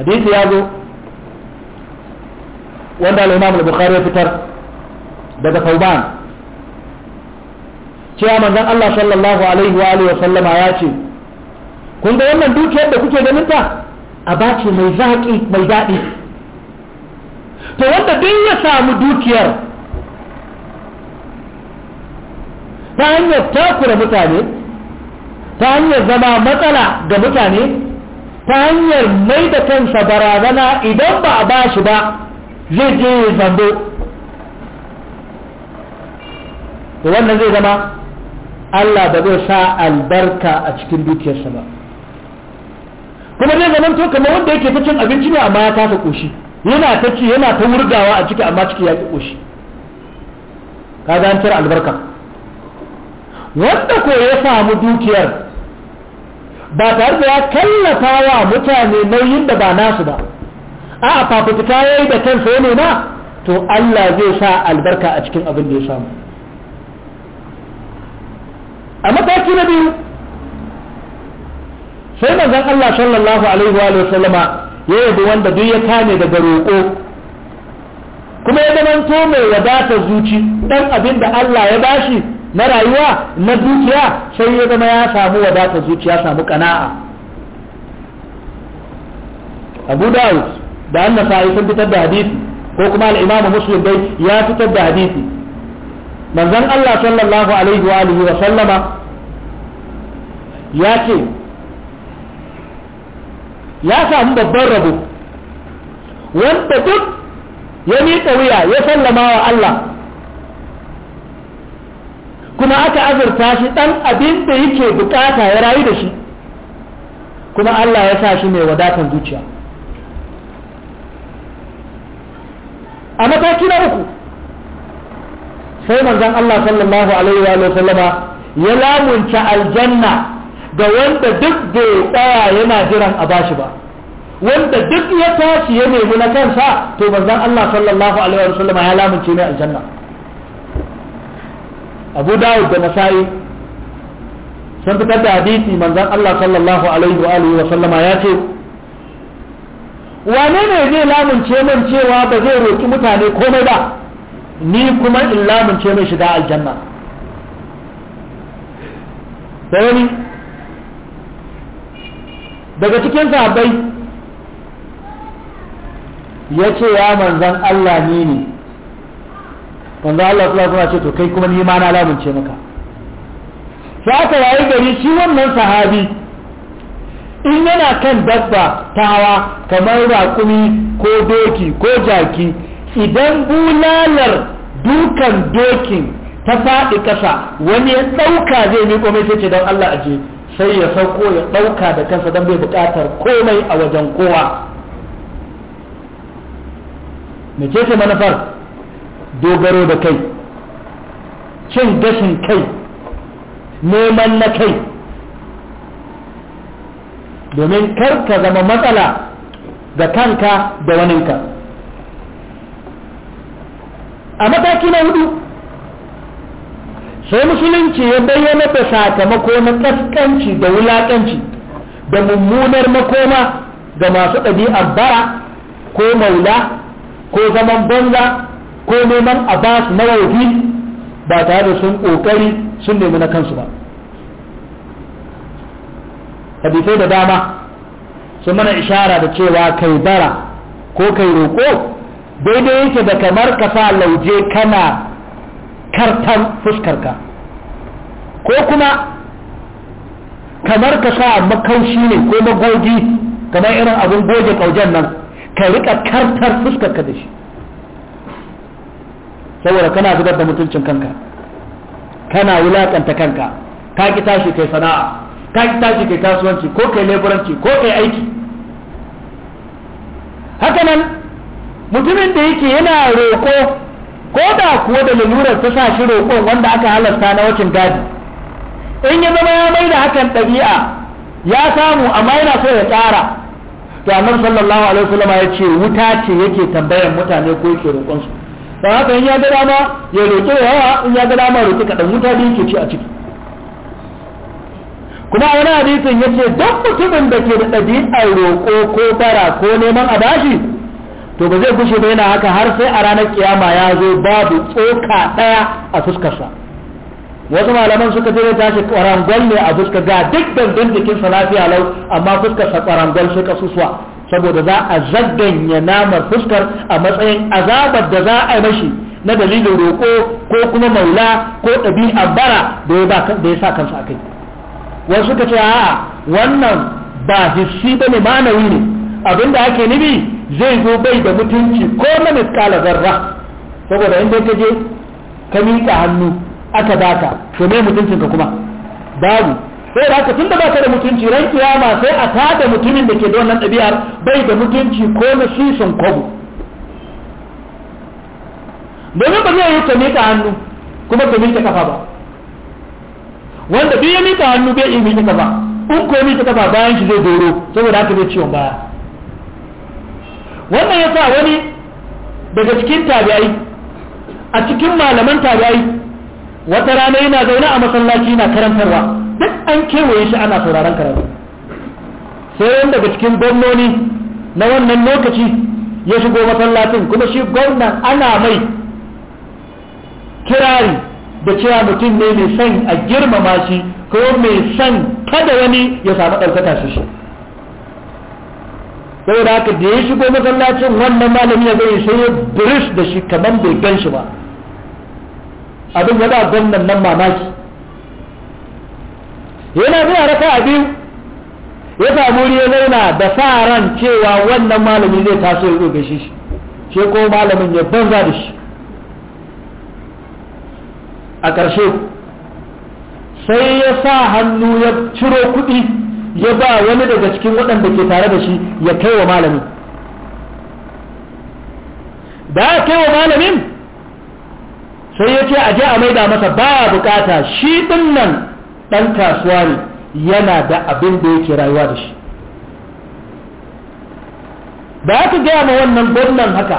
hadisi ya zo wanda al-Imam al-Bukhari ya fitar daga Tauban cewa manzon Allah sallallahu alaihi wa alihi sallama ya ce kun ga wannan dukiyar da kuke ganin ta aba ce mai zaki mai daɗi to wanda duk ya samu dukiyar ta hanyar takura mutane ta hanyar zama matsala ga mutane ta hanyar mai da kansa barazana idan ba a ba shi ba zai je zambo to wannan zai zama Allah ba zai sa albarka a cikin dukiyarsa ba kuma zai zama to kamar wanda yake ta abinci ne amma ya kasa koshi yana ta ci yana ta wurgawa a ciki amma ciki ya ki koshi ga an cire albarka wanda ko ya samu dukiyar ba tare da ya kallafa wa mutane nauyin da ba nasu ba a fafutuka ya yi da kansa ya nema to Allah zai sa albarka a cikin abin da ya samu a mataki na biyu sai manzon Allah sallallahu alaihi wa sallama ya yabi wanda duk ya kame daga roƙo kuma ya zamanto mai wadatar zuci dan abin da Allah ya bashi na rayuwa na dukiya sai ya zama ya samu wadatar zuci ya samu kana'a Abu Dawud da Annasa'i sun fitar da hadisi ko kuma al-Imam Muslim dai ya fitar da hadisi manzon Allah sallallahu alaihi wa alihi wa sallama ya ce ya samu babban rabo wanda duk ya miƙa wuya ya sallama wa Allah kuma aka azurta shi ɗan abin da yake bukata ya rayu da shi kuma Allah ya sa shi mai wadatar zuciya a mataki na uku sai manzon Allah sallallahu alaihi wa sallama ya lamunta aljanna ga wanda duk bai tsaya yana jiran a bashi ba wanda duk ya tashi ya nemi na kansa to manzon Allah sallallahu alaihi wa sallama ya lamunce mai aljanna Abu Dawud da Nasa'i sun fitar da hadisi manzon Allah sallallahu alaihi wa sallama ya ce wane ne zai lamunce min cewa ba zai roki mutane komai ba ni kuma in ce mai shiga aljanna da wani daga cikin sahabbai ya ce ya manzan Allah ni ne manzan Allah kula kuma ce to kai kuma ni ma na lamince maka sai aka yayi gari shi wannan sahabi in yana kan dabba tawa kamar raƙumi ko doki ko jaki idan bulalar dukan dokin ta faɗi ƙasa wani ya ɗauka zai miƙo mai sai ce don Allah aje sai ya sauko ya ɗauka da kansa don bai buƙatar komai a wajen kowa me ce ce manufar dogaro da kai cin gashin kai neman na kai domin kar ka zama matsala ga kanka da waninka a mataki na hudu sai musulunci ya bayyana da sakamako na kaskanci da wulakanci da mummunar makoma ga masu ɗabi'ar bara ko maula ko zaman banza ko neman a ba su ba tare da sun ƙoƙari sun nemi na kansu ba hadisai da dama sun mana ishara da cewa kai bara ko kai roƙo daidai yake da kamar ka sa lauje kana kartan fuskarka ko kuma kamar ka sa makaushi ne ko magogi kamar irin abin goge kaujen nan ka rika kartar fuskarka da shi saboda kana zubar da mutuncin kanka kana wulakanta kanka ka ki tashi kai sana'a ka ki tashi kai kasuwanci ko kai leburanci ko kai aiki haka nan mutumin da yake yana roƙo ko da kuwa da lalurar ta sa shi roƙon wanda aka halasta na wacin gadi in ya zama ya mai da hakan ɗabi'a ya samu amma yana so ya tsara to annabi sallallahu alaihi wasallam ya ce wuta ce yake tambayan mutane ko yake roƙon su don haka in ya ga dama ya roƙi yawa in ya ga dama roƙi kaɗan wuta da yake ci a ciki kuma wani hadisin ya ce duk mutumin da ke da ɗabi'ar roƙo ko bara ko neman a bashi to ba zai gushe ba yana haka har sai a ranar kiyama ya zo babu tsoka daya a fuskarsa wasu malaman suka je tashi kwarangwal ne a fuskar ga duk dangan sa lafiya lau amma fuskarsa kwarangwal sai kasuswa saboda za a ya namar fuskar a matsayin azabar da za a yi mashi na dalilin roko ko kuma maula ko ɗabi'a bara da ya sa kansa a kai wasu suka ce a'a wannan ba hissi ba ne ma'anawi ne abinda ake nufi zai zo bai da mutunci ko mana kala zarra saboda inda ka je ka miƙa hannu aka baka to me mutuncin ka kuma babu sai da haka tun da baka da mutunci ran kiyama sai a tada mutumin da ke da wannan ɗabi'ar bai da mutunci ko na sisin kwabo domin ba zai yi ka miƙa hannu kuma ka miƙa kafa ba wanda duk ya miƙa hannu bai iya miƙa kafa in ko miƙa kafa bayan shi zai doro saboda haka zai ciwon baya wannan ya sa wani daga cikin tabi'ai a cikin malaman tabi'ai wata rana yana zaune a masallaci yana karantarwa duk an kewaye shi ana sauraron karatu sai wani daga cikin gwamnoni na wannan lokaci ya shigo masallacin kuma shi gwamnan ana mai kirari da cewa mutum ne mai son a girmama shi ko mai son kada wani ya samu ɗaukaka shi shi saboda haka da ya shigo masallacin wannan malami ya zai sai ya birish da shi kamar bai gan shi ba abin ya da gwamnan nan mamaki yana zai raka a biyu ya samu wuri ya zauna da sa ran cewa wannan malami zai taso ya gaishe shi shi ko malamin ya banza da shi a ƙarshe sai ya sa hannu ya ciro kuɗi ya ba wani daga cikin waɗanda ke tare da shi ya kai wa malamin da ya kai wa malamin sai ya ce a je a maida masa ba bukata shi ɗin nan ɗan kasuwa ne yana da abin da yake rayuwa da shi da aka gaya ma wannan gwamnan haka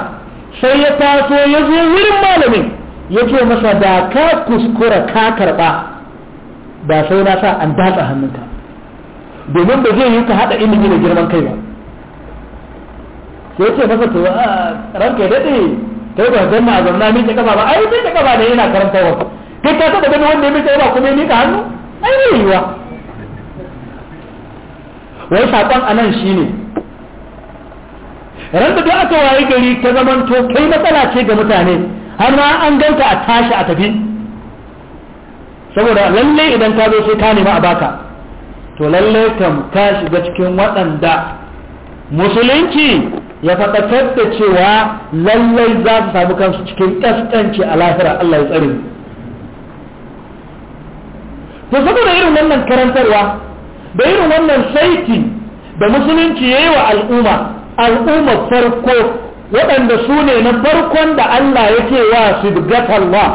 sai ya taso ya zo wurin malamin ya ce masa da ka kuskura ka karɓa ba sai na sa an datsa hannunka domin ba zai yi ka haɗa ilimi da girman kai ba sai ce masa to ranka ya daɗe kai ba zanna a zanna miƙe kafa ba ai miƙe kafa ne yana karanta wa kai ka taɓa gani wanda ya miƙe kafa kuma ya miƙe hannu ai zai yiwa wai saƙon a nan shi ne ran da aka waye gari ta zamanto kai matsala ce ga mutane har ma an ganta a tashi a tafi saboda lalle idan ka zo sai ka nema a baka to lalle kam ka shiga cikin waɗanda musulunci ya faɗakar da cewa lallai za su samu kansu cikin ƙasƙanci a lahira Allah ya tsare to saboda irin wannan karantarwa da irin wannan saiti da musulunci ya yi wa al'umma al'umma farko waɗanda su ne na farkon da Allah yake wa su Allah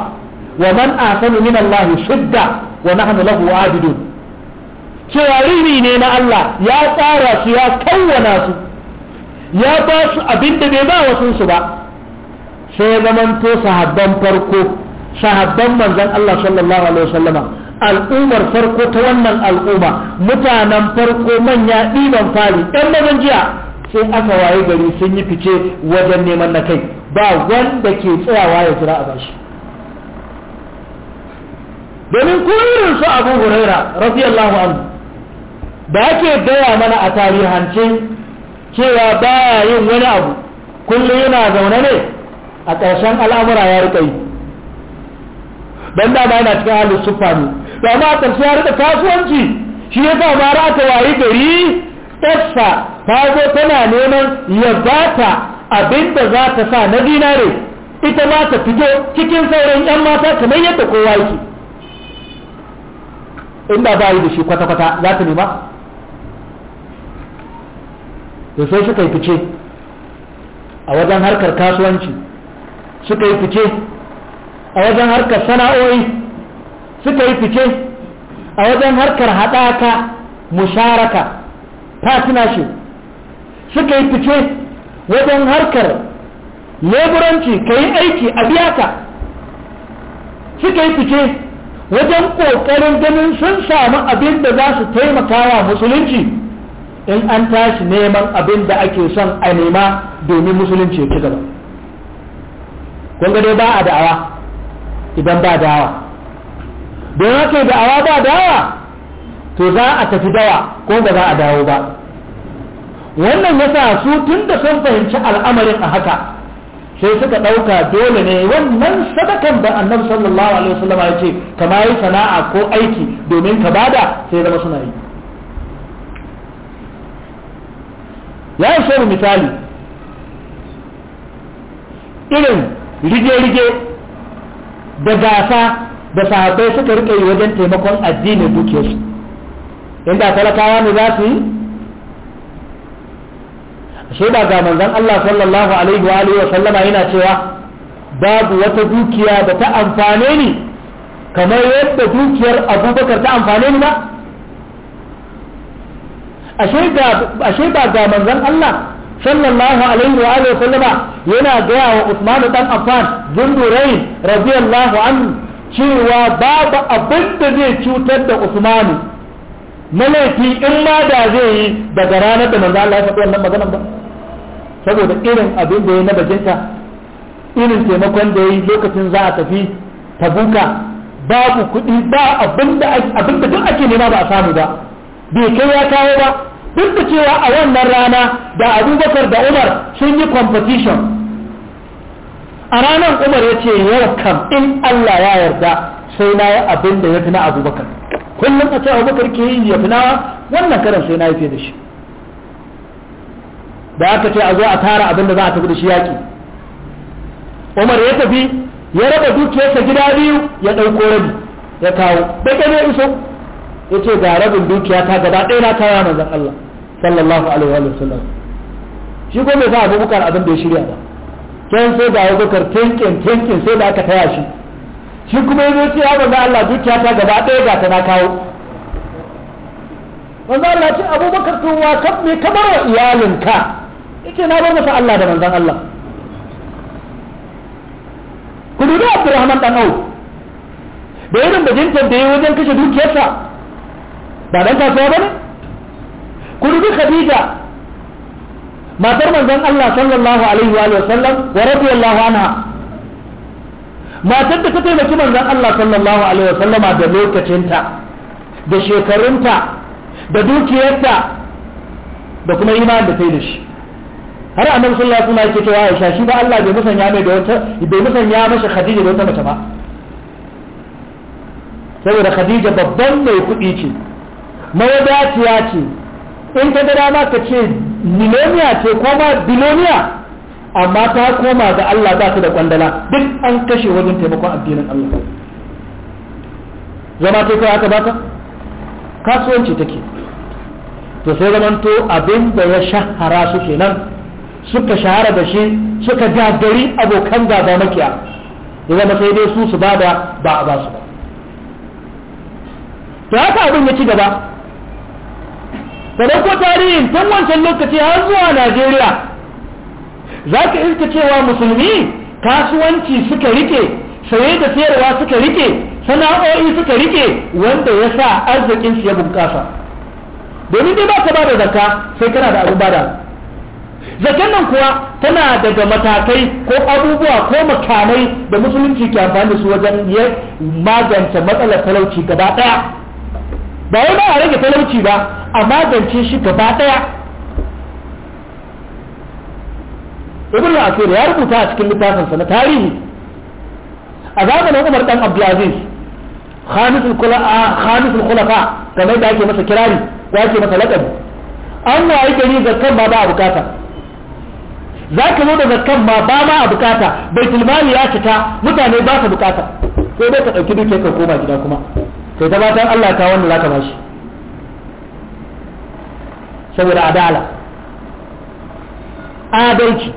wa man asanu min Allah shidda wa nahnu lahu abidun cewa rini ne na Allah ya tsara su ya kawwana su ya ba su abin da bai ba wasunsu ba sai zamanto sahabban farko sahabban manzan Allah sallallahu alaihi wasallama al'ummar farko ta wannan al'umma mutanen farko manya ɗiban fari ɗan mazan jiya sai aka waye gari sun yi fice wajen neman na kai ba wanda ke tsayawa ya jira a bashi domin kurin su abu huraira radiyallahu anhu Ba ke gaya mana a tarihance cewa baya yin wani abu kullum yana zaune ne a ƙarshen al'amura ya rika yi don ba yana cikin halin suffa ne ma a ƙarshen ya rika kasuwanci shi ya sa ba ra ta wayi gari ƙasa ta zo tana neman ya ba ta abin da za ta sa na dinare ita ma ta fito cikin sauran 'yan mata kamar yadda kowa yake inda ba yi da shi kwata-kwata za ta nema da sai suka yi fice a wajen harkar kasuwanci suka yi fice a wajen harkar sana'o'i suka yi fice a wajen harkar haɗaka musharaka partnership suka yi fice wajen harkar leburanci ka yi aiki a biyaka suka yi fice wajen ƙoƙarin ganin sun samu abin da za su taimaka wa musulunci in an tashi neman abin da ake son a nema domin musulunci ya ci gaba kun dai ba a da'awa idan ba dawa don haka da'awa ba da'awa to za a tafi dawa ko ba za a dawo ba wannan yasa su tun da sun fahimci al'amarin a haka sai suka ɗauka dole ne wannan sadakan da annabi sallallahu alaihi wasallam ya ce kama yi sana'a ko aiki domin ka bada sai zama suna yi ya so misali irin rige-rige da gasa da sahabbai suka rike yi wajen taimakon addinin dukiyarsu inda talakawa ne za su yi shaida ga manzon Allah sallallahu alaihi wa sallama yana cewa babu wata dukiya da ta amfane ni kamar yadda dukiyar abubakar ta amfane ni ba ashe ba ga manzon Allah sallallahu alaihi wa alihi sallama yana gaya wa Usman dan Affan jundurai radiyallahu anhu cewa babu abin da zai cutar da Usman na in ma da zai yi daga ranar da manzon Allah ya faɗi wannan maganar ba saboda irin abin da ya na bajinta irin taimakon da ya yi lokacin za a tafi tabuka babu kuɗi ba abin da duk ake nema ba a samu ba bai kai ya kawo ba duk da cewa a wannan rana da abubakar da umar sun yi competition a ranar umar ya ce yau kam in allah ya yarda sai na yi abin da ya fi na abubakar kullum a ce abubakar ke yi ya fi na wannan karan sai na yi fiye da shi da aka ce a zo a tara abin da za a tafi da shi yaƙi umar ya tafi ya raba dukiyarsa gida biyu ya ɗauko rabi ya kawo da ya iso yace ga rabin dukiya ta gaba ɗaya na kawo manzon Allah sallallahu alaihi wa sallam shi ko bai sa Abubakar abin da ya shirya ba sai sai da Abubakar tinkin tinkin sai da aka taya shi shi kuma ya ce ya manzon Allah dukiya ta gaba ɗaya ga ta na kawo manzon Allah ce Abubakar tun wa kab me kamar wa iyalinka Yake na bar masa Allah da wanzan Allah ku dubi Abdurrahman dan Auf da irin bajintar da ya wajen kashe dukiyarsa ba dan kasuwa ne? ku dubi khadija matar manzon Allah sallallahu alaihi wa sallam wa radiyallahu anha matar da ta taimaki manzon Allah sallallahu alaihi wa sallama da lokacinta da shekarunta da dukiyarta da kuma imanin da ta yi da shi har annabi sallallahu alaihi wasallam yake cewa Aisha shi ba Allah bai musanya mai da wata bai musanya masa Khadija da wata mace ba saboda Khadija babban mai kuɗi ce mawadaciya ce in ka ga dama ka ce milomiya ce koma biloniya amma ta koma ga Allah ba ta da kwandala duk an kashe wajen taimakon addinin Allah zama ta kai aka baka kasuwanci take to sai zamanto abin da ya shahara su kenan suka shahara da shi suka gagari abokan gaba makiya ya zama sai dai su su bada ba a ba su ba to haka abin ya ci gaba ka dauko tarihin tun wancan lokaci har zuwa najeriya za ka iska cewa musulmi kasuwanci suka rike saye da sayarwa suka rike sana'o'i suka rike wanda ya sa su ya bunƙasa domin dai ba ka ba da zakka sai kana da abu bada zakan nan kuwa tana daga matakai ko abubuwa ko makamai da musulunci ke amfani su wajen magance matsalar talauci gaba ɗaya ba wai ba a rage talauci ba a magance shi gaba daya ibn al-asir ya rubuta a cikin littafinsa na tarihi a zamanin umar dan abdulaziz al khulafa khamisul khulafa kamar da ake masa kirari ko ake masa laqabi an na yi gari zakkan ba ba a bukata za ka zo da zakkan ma ba ma a bukata bai tilmali ya cika mutane ba su bukata sai dai ka ɗauki duk ka koma gida kuma kai ta fatan Allah ta wanda zaka bashi saboda adala adalci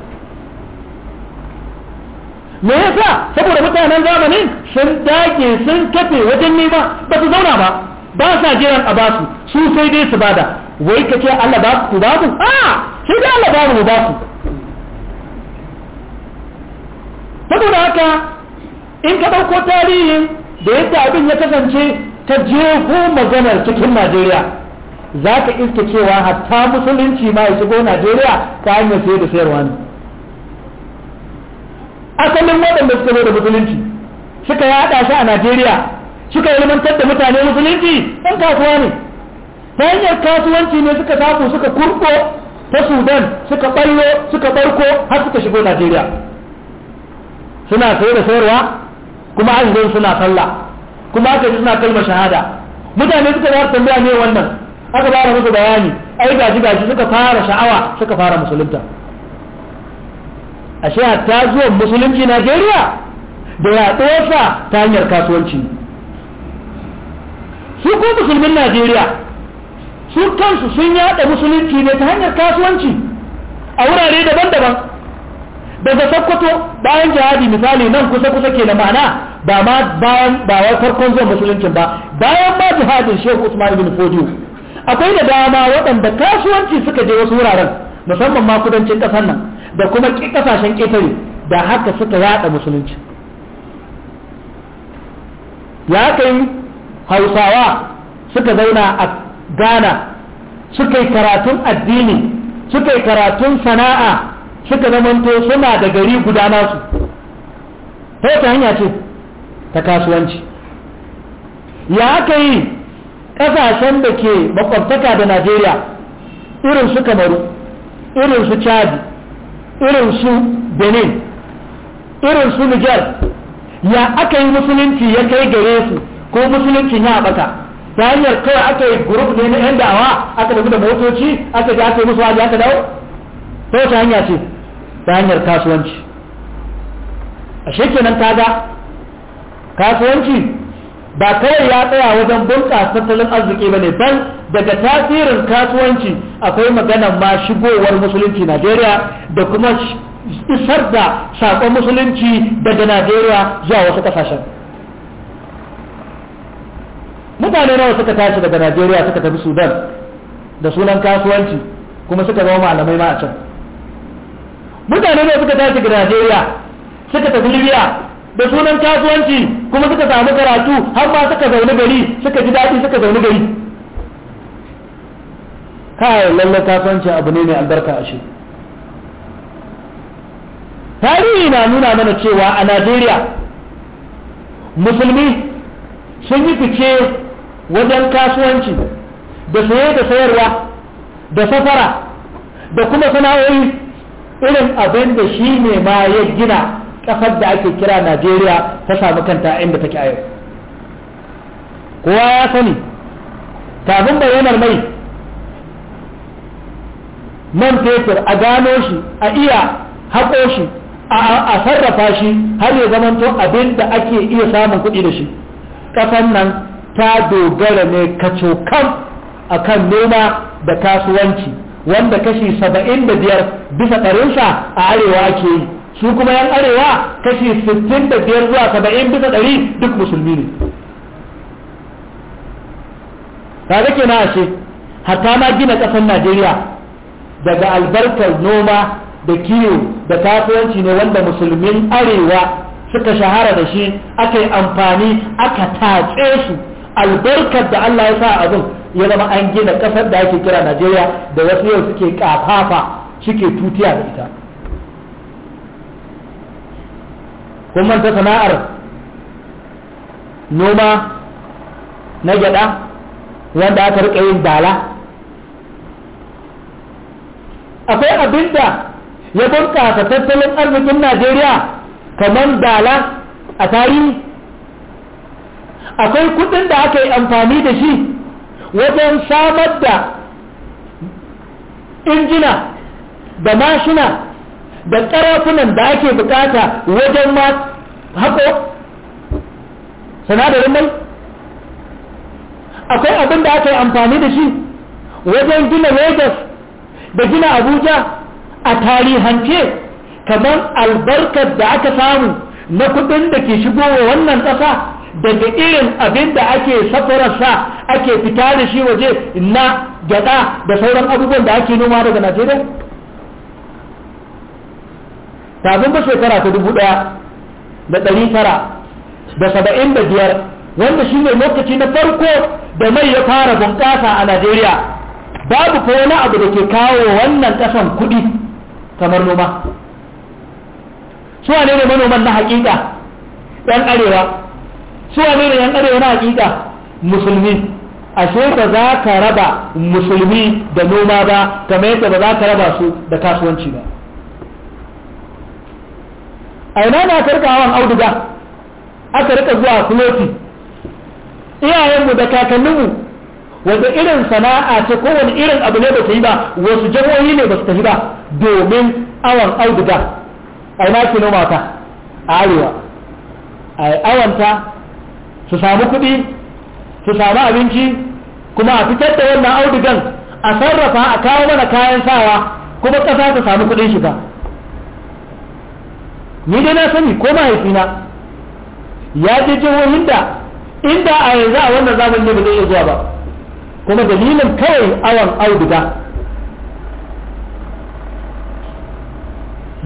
me yasa saboda mutanen zamanin sun dake sun kafe wajen nema ba su zauna ba ba sa jiran a basu su sai dai su bada wai ka ce Allah ba ku babu a sai dai Allah babu mu ba su saboda haka in ka ɗauko tarihin da yadda abin ya kasance ta jefo maganar cikin najeriya za ka iske cewa hatta musulunci ma ya shigo najeriya ta hanyar sayar da sayarwa ne asalin waɗanda suka zo da musulunci suka yaɗa shi a najeriya suka ilmantar da mutane musulunci ɗan kasuwa ne ta hanyar kasuwanci ne suka samu suka kurko ta sudan suka ɓallo suka ɓarko har suka shigo najeriya suna sayar da sayarwa kuma an suna sallah kuma aka ji suna kalmar shahada mutane suka za su tambaya ne wannan aka fara musu bayani ai gaji gaji suka fara sha'awa suka fara musulunta ashe hatta zuwa musulunci Najeriya da yaɗuwarsa ta hanyar kasuwanci su ko musulmin Najeriya su kansu sun yaɗa musulunci ne ta hanyar kasuwanci a wurare daban-daban daga sakkwato bayan jihadi misali nan kusa kusa ke na ma'ana ba ma bayan ba wa farkon zuwa musuluncin ba bayan ma jihadin shehu usman bin fodiyo akwai da dama waɗanda kasuwanci suka je wasu wuraren musamman ma kudancin ƙasar nan da kuma ƙasashen ƙetare da haka suka yada musulunci ya kai hausawa suka zauna a ghana suka yi karatun addini suka yi karatun sana'a suka zamanto suna da gari guda nasu ta wata hanya ce ta kasuwanci ya aka yi ƙasashen da ke makwabtaka da najeriya irin su kamaru irin su chadi irin su benin irin su niger ya aka yi musulunci ya kai gare su ko musulunci ya haɓaka ta hanyar kawai aka yi guruf ne na yan da'awa aka da motoci aka ji aka yi musu waje aka dawo ta wata hanya ce ta hanyar kasuwanci a shekenan kaga kasuwanci ba kawai ya tsaya wajen bunƙasa tattalin arziki ba ne ban daga tasirin kasuwanci akwai maganan ma shigowar musulunci najeriya da kuma isar da saƙon musulunci daga najeriya zuwa wasu ƙasashen mutane nawa suka tashi daga najeriya suka tafi sudan da sunan kasuwanci kuma suka zama malamai ma a can mutane ne suka tashi ga Najeriya suka tafi Libya da sunan kasuwanci kuma suka samu karatu har ma suka zaune gari suka ji daɗi suka zaune gari kai ta kasuwanci abu ne mai albarka a shi tarihi na nuna mana cewa a najeriya musulmi sun yi fice wajen kasuwanci da saye da sayarwa da safara da kuma sana'o'i irin abin da shi ne ma ya gina ƙasar da ake kira najeriya ta samu kanta inda take a kowa ya sani kafin bayyanar mai man fetur a gano shi a iya haƙo shi a sarrafa shi har ya zamanto abin da ake iya samun kuɗi da shi ƙasar nan ta dogara ne kacokan a kan noma da kasuwanci wanda kashi saba'in da biyar bisa ɗarinsa a arewa ake yi su kuma yan arewa kashi sittin da biyar zuwa saba'in bisa ɗari duk musulmi ne kaga ke na ashe hatta ma gina ƙasar najeriya daga albarkar noma da kiwo da kasuwanci ne wanda musulmin arewa suka shahara da shi aka yi amfani aka tatse su albarkar da Allah ya sa abin ya zama an gina kasar da ake kira Najeriya da wasu yau suke kafafa suke tutiya da ita kuma ta sana'ar noma na gyada wanda aka rika yin bala akwai abin da ya bunƙasa tattalin arzikin Najeriya kamar bala a tarihi akwai kudin da aka yi amfani da shi wajen samar da injina da mashina da karafunan da ake bukata wajen ma haƙo sinadarin mai akwai abin da aka yi amfani da shi wajen gina lagos da gina abuja a tarihance kamar albarkar da aka samu na kudin da ke shigowa wannan ƙasa daga irin abin da ake safararsa ake fita da shi waje na gada da sauran abubuwan da ake noma daga najeriya kafin ba shekara ta dubu ɗaya da dari tara da saba'in da biyar wanda shi ne lokaci na farko da mai ya fara bunƙasa a najeriya babu ko wani abu da ke kawo wannan ƙasan kuɗi kamar noma su ne manoman na hakika ɗan arewa su ne ne yan arewa na hakika musulmi ashe ba za ka raba musulmi da noma ba kamar yadda ba za ka raba su da kasuwanci ba a ina na karka hawan auduga aka rika zuwa kuloti iyayenmu da kakanninmu wanda irin sana'a ce kowane irin abu ne ba su yi ba wasu jihohi ne ba su tafi ba domin awon auduga a ina ke noma ta a arewa a awanta su samu kuɗi su samu abinci kuma a fitar da wannan audigan, a sarrafa a kawo mana kayan sawa kuma ƙasa ta samu kuɗin shiga ni dai na sani ko mahaifina ya je jihohin da inda a yanzu a wannan zaman ne ba zai iya zuwa ba kuma dalilin kawai awon auduga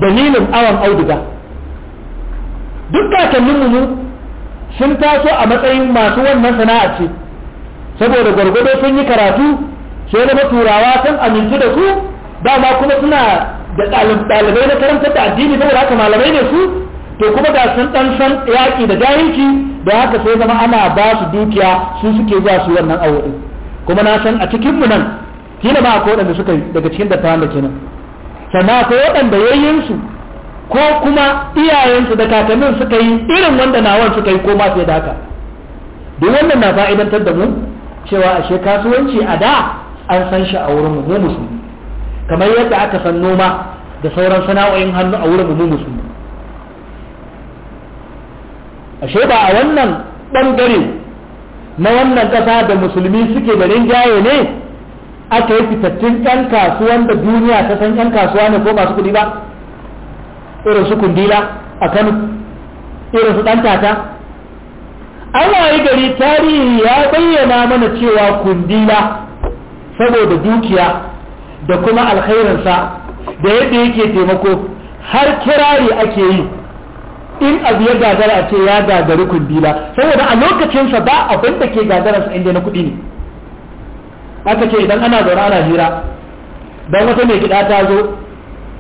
dalilin awon auduga duk kakanninmu mu sun taso a matsayin masu wannan sana'a ce saboda gwargwado sun yi karatu sai na turawa sun amintu da su dama kuma suna da ɗalibai na karantar da addini saboda haka malamai ne su to kuma ga sun ɗan san yaƙi da jahilci da haka sai zama ana ba su dukiya su suke zuwa su wannan aure kuma na san a cikin cikinmu nan kila ba akwai waɗanda suka daga cikin dattawan da kenan sannan akwai waɗanda yayyinsu ko kuma iyayensu da kakannin suka yi irin wanda nawan suka yi ko fiye da haka duk wannan na fa'idantar da mu cewa ashe kasuwanci a da an san shi a wurin mu musulmi kamar yadda aka san noma da sauran sana'o'in hannu a wurin mu musulmi ashe ba a wannan bangare na wannan ƙasa da musulmi suke da rinjaye ne aka yi fitattun 'yan kasuwan da duniya ta san 'yan kasuwa ne ko masu kuɗi ba irin su kundila a kano irin su ɗantata an waye gari tarihi ya bayyana mana cewa kundila saboda dukiya da kuma alkhairinsa da yadda yake taimako har kirari ake yi in abu ya gagara a ce ya gagari kundila saboda a lokacinsa ba abin da ke gagararsa inda na kuɗi ne aka ce idan ana zaune ana hira don wata mai gida ta zo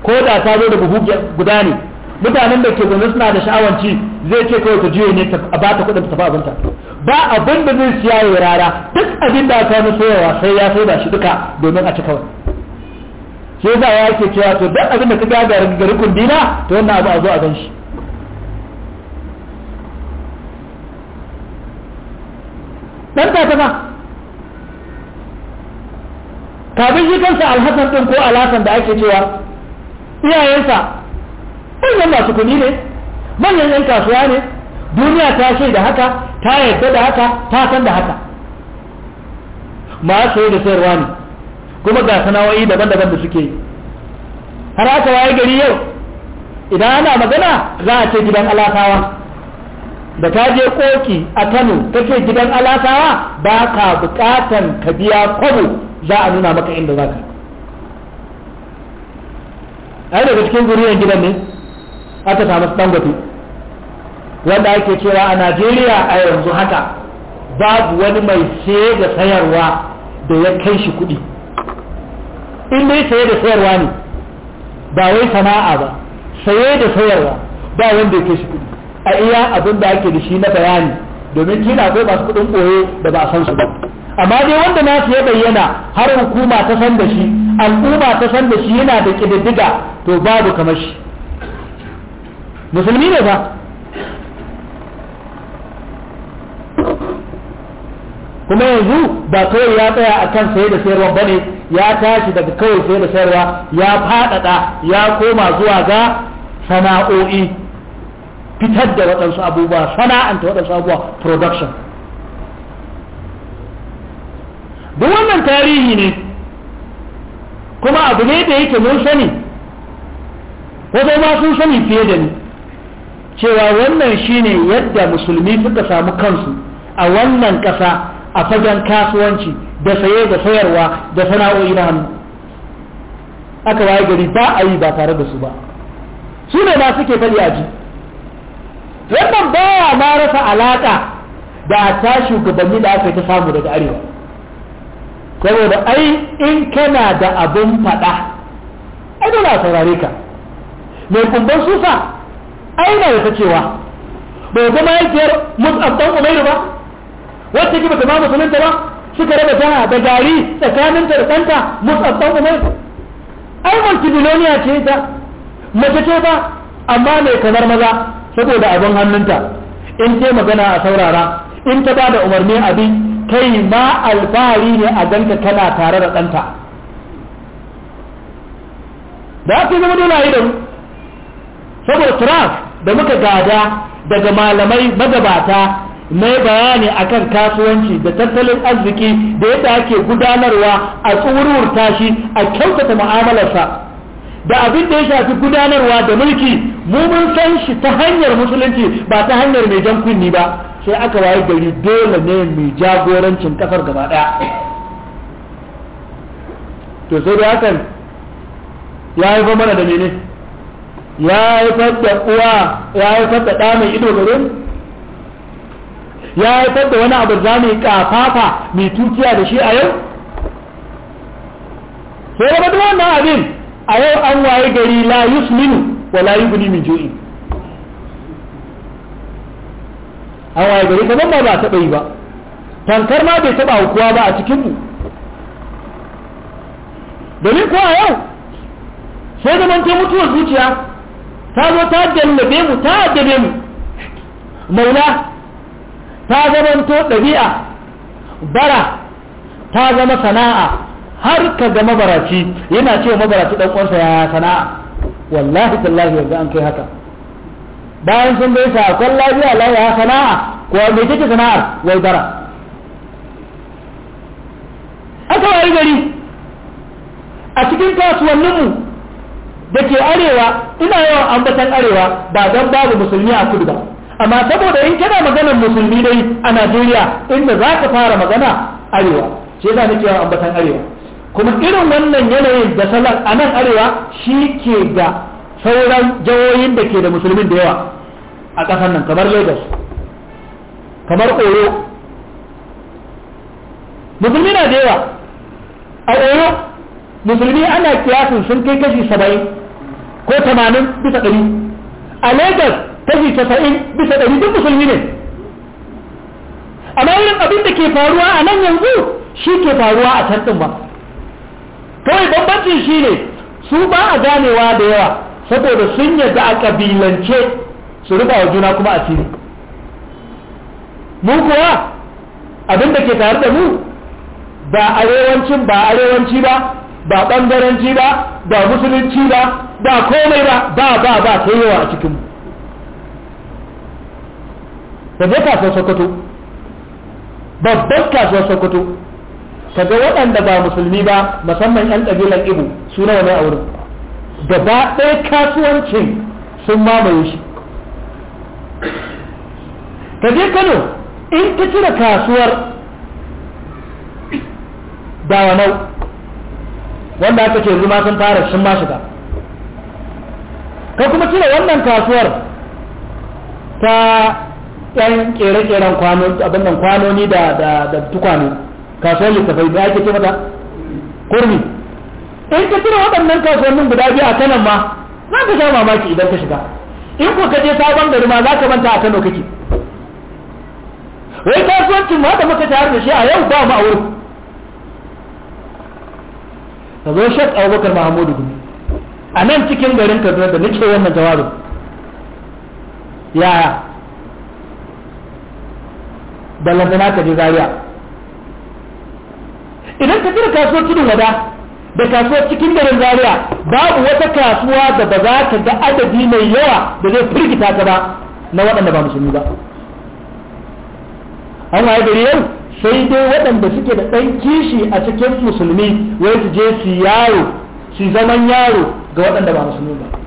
ko da ta zo da buhu guda ne mutanen da ke zaune suna da sha'awanci zai ce kawai ta jiyo ne a ba ta kudin tafi abinta ba abin da zai siya ya rara duk abin da ta mu soyawa sai ya sai da shi duka domin a ci kawai sai za ya ke cewa to duk abin da ka ga ga rukun dina to wannan abu a zo a gan shi dan ta ta kafin shi kansa alhassan din ko alhassan da ake cewa iyayensa manyan masu kuɗi ne manyan yan kasuwa ne duniya ta ce da haka ta yarda da haka ta san da haka masu da sayarwa ne kuma ga sana'o'i daban-daban da suke yi har aka waye gari yau idan ana magana za a ce gidan alakawa da ta je koki a kano kake gidan alasawa ba ka bukatan ka biya kwabo za a nuna maka inda za ka ai daga cikin zuriyar gidan ne aka samu dangote wanda ake cewa a najeriya a yanzu haka babu wani mai saye da sayarwa da ya kai shi kuɗi in ya saye da sayarwa ne ba wai sana'a ba saye da sayarwa ba wanda ya kai shi kuɗi a iya abin da ake da shi na bayani domin kina akwai masu kuɗin koyo da ba a san su ba amma dai wanda na nasu ya bayyana har hukuma ta san da shi al'umma ta san da shi yana da ƙididdiga to babu kamar shi musulmi ne ba kuma yanzu ba kawai ya tsaya a kan saye da sayarwa ba ne ya tashi daga kawai saye da sayarwa ya faɗaɗa ya koma zuwa ga sana'o'i fitar da waɗansu abubuwa sana'anta waɗansu abubuwa production duk wannan tarihi ne kuma abu ne da yake mun sani wato ma sun sani fiye da ni cewa wannan shine yadda musulmi suka samu kansu a wannan ƙasa a fagen kasuwanci da saye da sayarwa da sana'o'i na hannu aka waye gari ba a yi ba tare da su ba su ne ma suke faɗi a ji wannan baya ma rasa alaƙa da ta shugabanni da aka yi ta samu daga arewa saboda ai in kana da abin faɗa ai dole saurare ka mai kumban susa ai na da ta cewa bai zama yakiyar musabban umairu ba wacce ki bata ma musulunta ba suka raba jaha da gari tsakanin ta da ɗanta musabban umairu ai multibiloniya ce ta mace ce ba amma mai kamar maza saboda abin hannunta in ce magana a saurara in ta ba da umarni abin kai ma alfahari ne a ganta tana tare da ɗanta da aka zama dole a da saboda traf da muka gada daga malamai magabata mai bayani a kan kasuwanci da tattalin arziki da yadda ake gudanarwa a tsuwurwurta shi a kyautata ma'amalarsa da abin da ya shafi gudanarwa da mulki mu mun san shi ta hanyar musulunci ba ta hanyar mai jan kunni ba sai aka waye gari dole ne mai jagorancin kasar gaba daya to sai da hakan ya haifar mana da mene ya haifar da uwa ya haifar da ɗa mai ido gare ya haifar da wani abu za mai kafafa mai tukiya da shi a yau sai da wannan abin a yau an waye gari la yusminu wa la yughni min ju'in an waye gari kamar ba ba a taɓa yi ba tankar ma bai taɓa hukuwa ba a cikinmu domin ko a yau sai da manta mutuwar zuciya ta zo ta jallabe mu ta addabe mu maula ta zamanto ɗabi'a bara ta zama sana'a har ka ga mabaraci yana cewa mabaraci ɗan ƙwarsa ya sana'a wallahi tallahi yanzu an kai haka bayan sun bai sa kwan lafiya lafiya sana'a ko mai take sana'ar wai bara aka wari gari a cikin kasuwanninmu da ke arewa ina yawan ambatan arewa ba don babu musulmi a kudu ba amma saboda in kana maganar musulmi dai a najeriya inda za ka fara magana arewa ce za nake yawan ambatan arewa kuma irin wannan yanayin da salak a nan arewa shi ke ga sauran jawoyin da ke da musulmin da yawa a ƙasar nan kamar lagos kamar oyo musulmi na da yawa a oyo musulmi ana kiyasin sun kai kashi saba'in ko tamanin bisa ɗari a lagos kashi casa'in bisa ɗari duk musulmi ne amma irin abin da ke faruwa a nan yanzu shi ke faruwa a can ɗin ba kawai bambancin shi ne su ba a ganewa da yawa saboda sun yadda a ƙabilance su rufa wa juna kuma asiri mu kuwa abin da ke tare da mu ba arewancin ba arewanci ba ba ɓangaranci ba ba musulunci ba ba komai ba ba ba ba ta yawa a cikin da zai kasuwar sokoto babban kasuwar sokoto ka ga waɗanda ba musulmi ba musamman 'yan ɗabilan ibo su nawa ne a wurin gaba ɗaya kasuwancin sun mamaye shi ka je kano in ta cire kasuwar dawanau wanda aka ce zuma sun fara sun ma shiga ka kuma cire wannan kasuwar ta ɗan ƙere-ƙeren kwanoni da tukwane kasuwar littafai da ake ce mata kurmi in ka tuna waɗannan kasuwannin guda biyu a kanan ma za ka sha mamaki idan ka shiga in ko ka je sabon gari ma za ka manta a kano kake wai kasuwancin ma da muka tayar da shi a yau ba mu a wurin ka zo shek abubakar mahamudu gumi a nan cikin garin kaduna da nake wannan jawabin yaya da lantana ka je Zariya. idan ka tuna kasuwar tudun wada da kasuwar cikin garin zaria babu wata kasuwa da ba za ta ga adadi mai yawa da zai firgita ta ba na waɗanda ba musulmi ba an waye gari yau sai dai waɗanda suke da ɗan kishi a cikin musulmi wai su je su yaro su zaman yaro ga waɗanda ba musulmi ba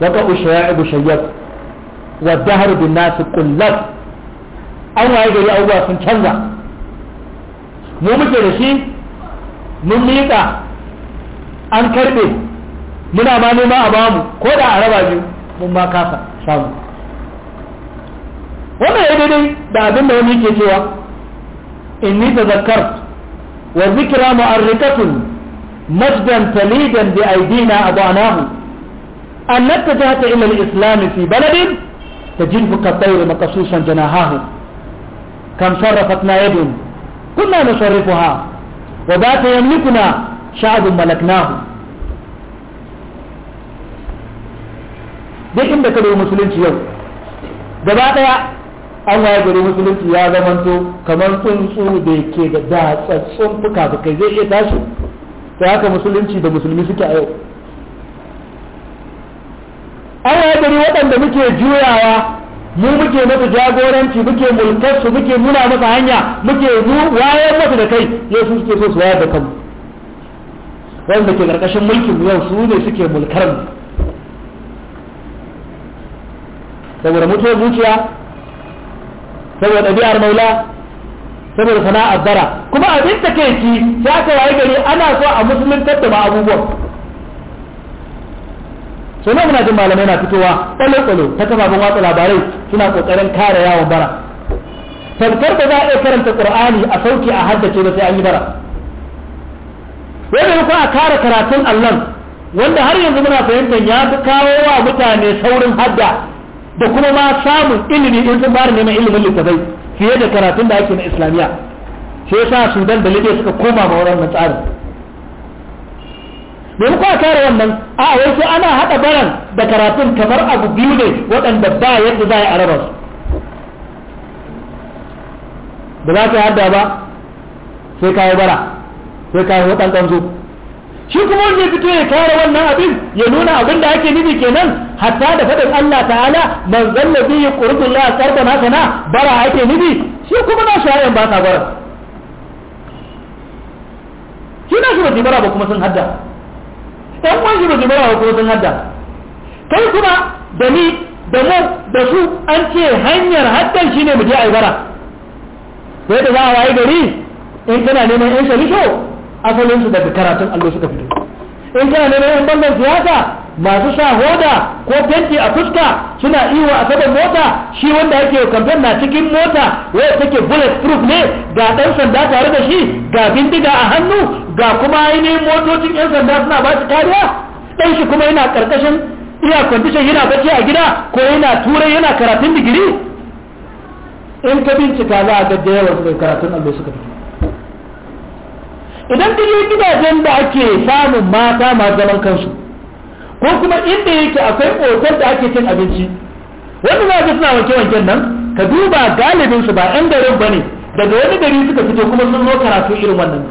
waka ibu shayyar wa dahar bin nasu kullat an waye gari abubuwa sun canza mu muke da shi mun miƙa an karɓe muna ma nema a bamu ko da a raba biyu mun ma kasa samu wanda ya dai da abin da wani ke cewa inni ta zakar wa zikra mu'arrikatun majdan مجدا تليدا بأيدينا أضعناه أن اتجهت إلى الإسلام في بلد تجده كالطير مقصوصا جناهاه كم شرفتنا yadun Kuna na كنا ta وذات يملكنا شعب ملكناه duk inda ka zo musulunci yau gaba daya an waye gari musulunci ya zamanto kamar tsuntsu da ke da datsatsun fuka-fukai zai iya tashi ta haka musulunci da musulmi suke a yau an waye gari waɗanda muke juyawa mu muke mata jagoranci muke mulkarsu muke nuna masa hanya muke wayar masa da kai yau su suke so su wayar da kanmu wanda ke karkashin mulkin yau su ne suke mulkar mu saboda mutuwar zuciya saboda ɗabi'ar maula saboda sana'ar bara kuma abin ta kai ci sai ta waye gari ana so a musulmin da abubuwan so ne muna jin malamai na fitowa kwalo-kwalo ta kafafen watsa labarai suna kokarin kare yawon bara tamkar ba za a iya karanta qur'ani a sauki a haddace ba sai an yi bara wanda ko a kare karatun allon wanda har yanzu muna fahimtar ya fi kawo wa mutane saurin hadda da kuma ma samun ilimi in sun fara neman ilimin littafai fiye da karatun da ake na islamiyya sai yasa sudan da libya suka koma ma wannan tsarin domin kuma kare wannan a a wasu ana haɗa baran da karatun kamar abu biyu ne waɗanda ba yadda za a raba su ba za ka hada ba sai ka yi bara sai ka yi waɗanɗan su shi kuma wanda ya fito ya kare wannan abin ya nuna abin da ake nufi kenan hatta da faɗin Allah ta'ala man zalla bi ya Allah la sarfa na sana bara ake nufi shi kuma na shayan ba ka bara shi na shi ba bara ba kuma sun hadda ɗan uwan ba su mara kuma sun hadda kai kuma da ni da mu da su an ce hanyar haddan shi ne mu je a sai da za a waye gari in kana neman yan a asalin su daga karatun allo suka fito in kana neman yan bandan siyasa masu sa hoda ko fenti a fuska suna iwa a saman mota shi wanda yake kamfen na cikin mota wai take bullet proof ne ga dan sanda tare da shi ga bindiga a hannu ga kuma ainihin motocin yan sanda suna ba shi kariya dan shi kuma yana karkashin iya kwandishin yana bacci a gida ko yana turai yana karatun digiri in ka bincika za a ga da karatun allo suka fito idan ta je gidajen da ake samun mata masu zaman kansu ko kuma inda yake akwai otal da ake cin abinci wanda za ka suna wanke-wanken nan ka duba galibinsu ba 'yan garin ba ne daga wani gari suka fito kuma sun zo karatu irin wannan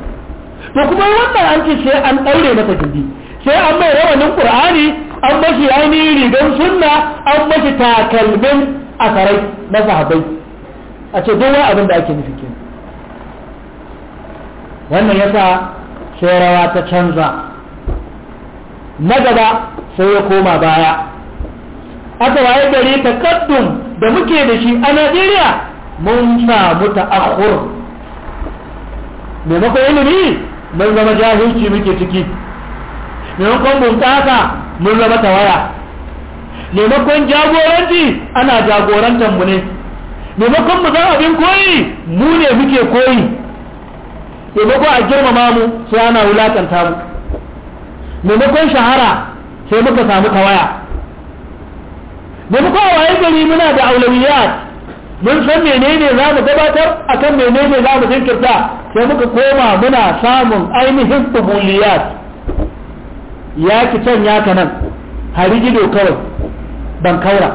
to kuma wannan an ce sai an daure masa gindi sai an mai rawanin qur'ani an mashi yani rigan sunna an mashi takalmin asarai na sahabbai a ce duk wani abin da ake nufi wannan yasa sai rawa ta canza na gaba sai ya koma baya aka waye gari kaddun da muke da shi a najeriya mun samu ta'akhur maimakon ilimi mun zama jahilci muke ciki maimakon bunƙasa mun zama tawaya maimakon jagoranci ana jagorantar mu ne maimakon mu zama abin koyi mu ne muke koyi taimako a girmama mu sai ana wulakanta mu maimakon shahara sai muka samu tawaya maimakon a waye gari muna da aulawiyat mun san menene za mu gabatar akan menene za mu jinkirta sai muka koma muna samun ainihin kubuliyat ya ki can ya ka nan hari kawai ban kaura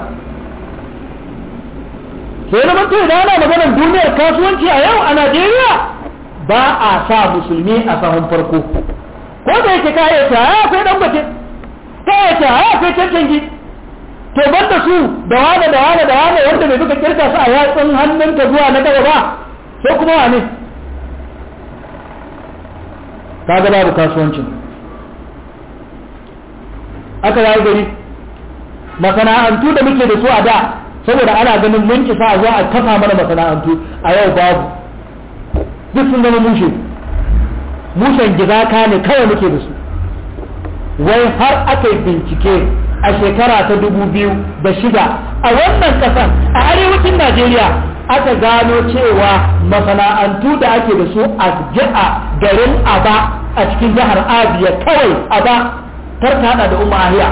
sai na manto idan ana maganar duniyar kasuwanci a yau a najeriya ba a sa musulmi a sahun farko ko da yake ka yi ta ya akwai dan bace ka yi ta ya akwai cancanci to banda su da wane da wane da wane wanda bai duka kirka su a yatsun ka zuwa na gaba ba sai kuma wane ka ga babu kasuwancin aka yi gari masana'antu da muke da su a da saboda ana ganin mun kisa zuwa a kafa mana masana'antu a yau babu duk sun zama mushe mushen ka ne kawai muke da su wai har aka bincike a shekara ta dubu biyu da shida a wannan kasar a arewacin najeriya aka gano cewa masana'antu da ake da su a ji'a garin aba a cikin jihar abia kawai aba tarkada da umahiya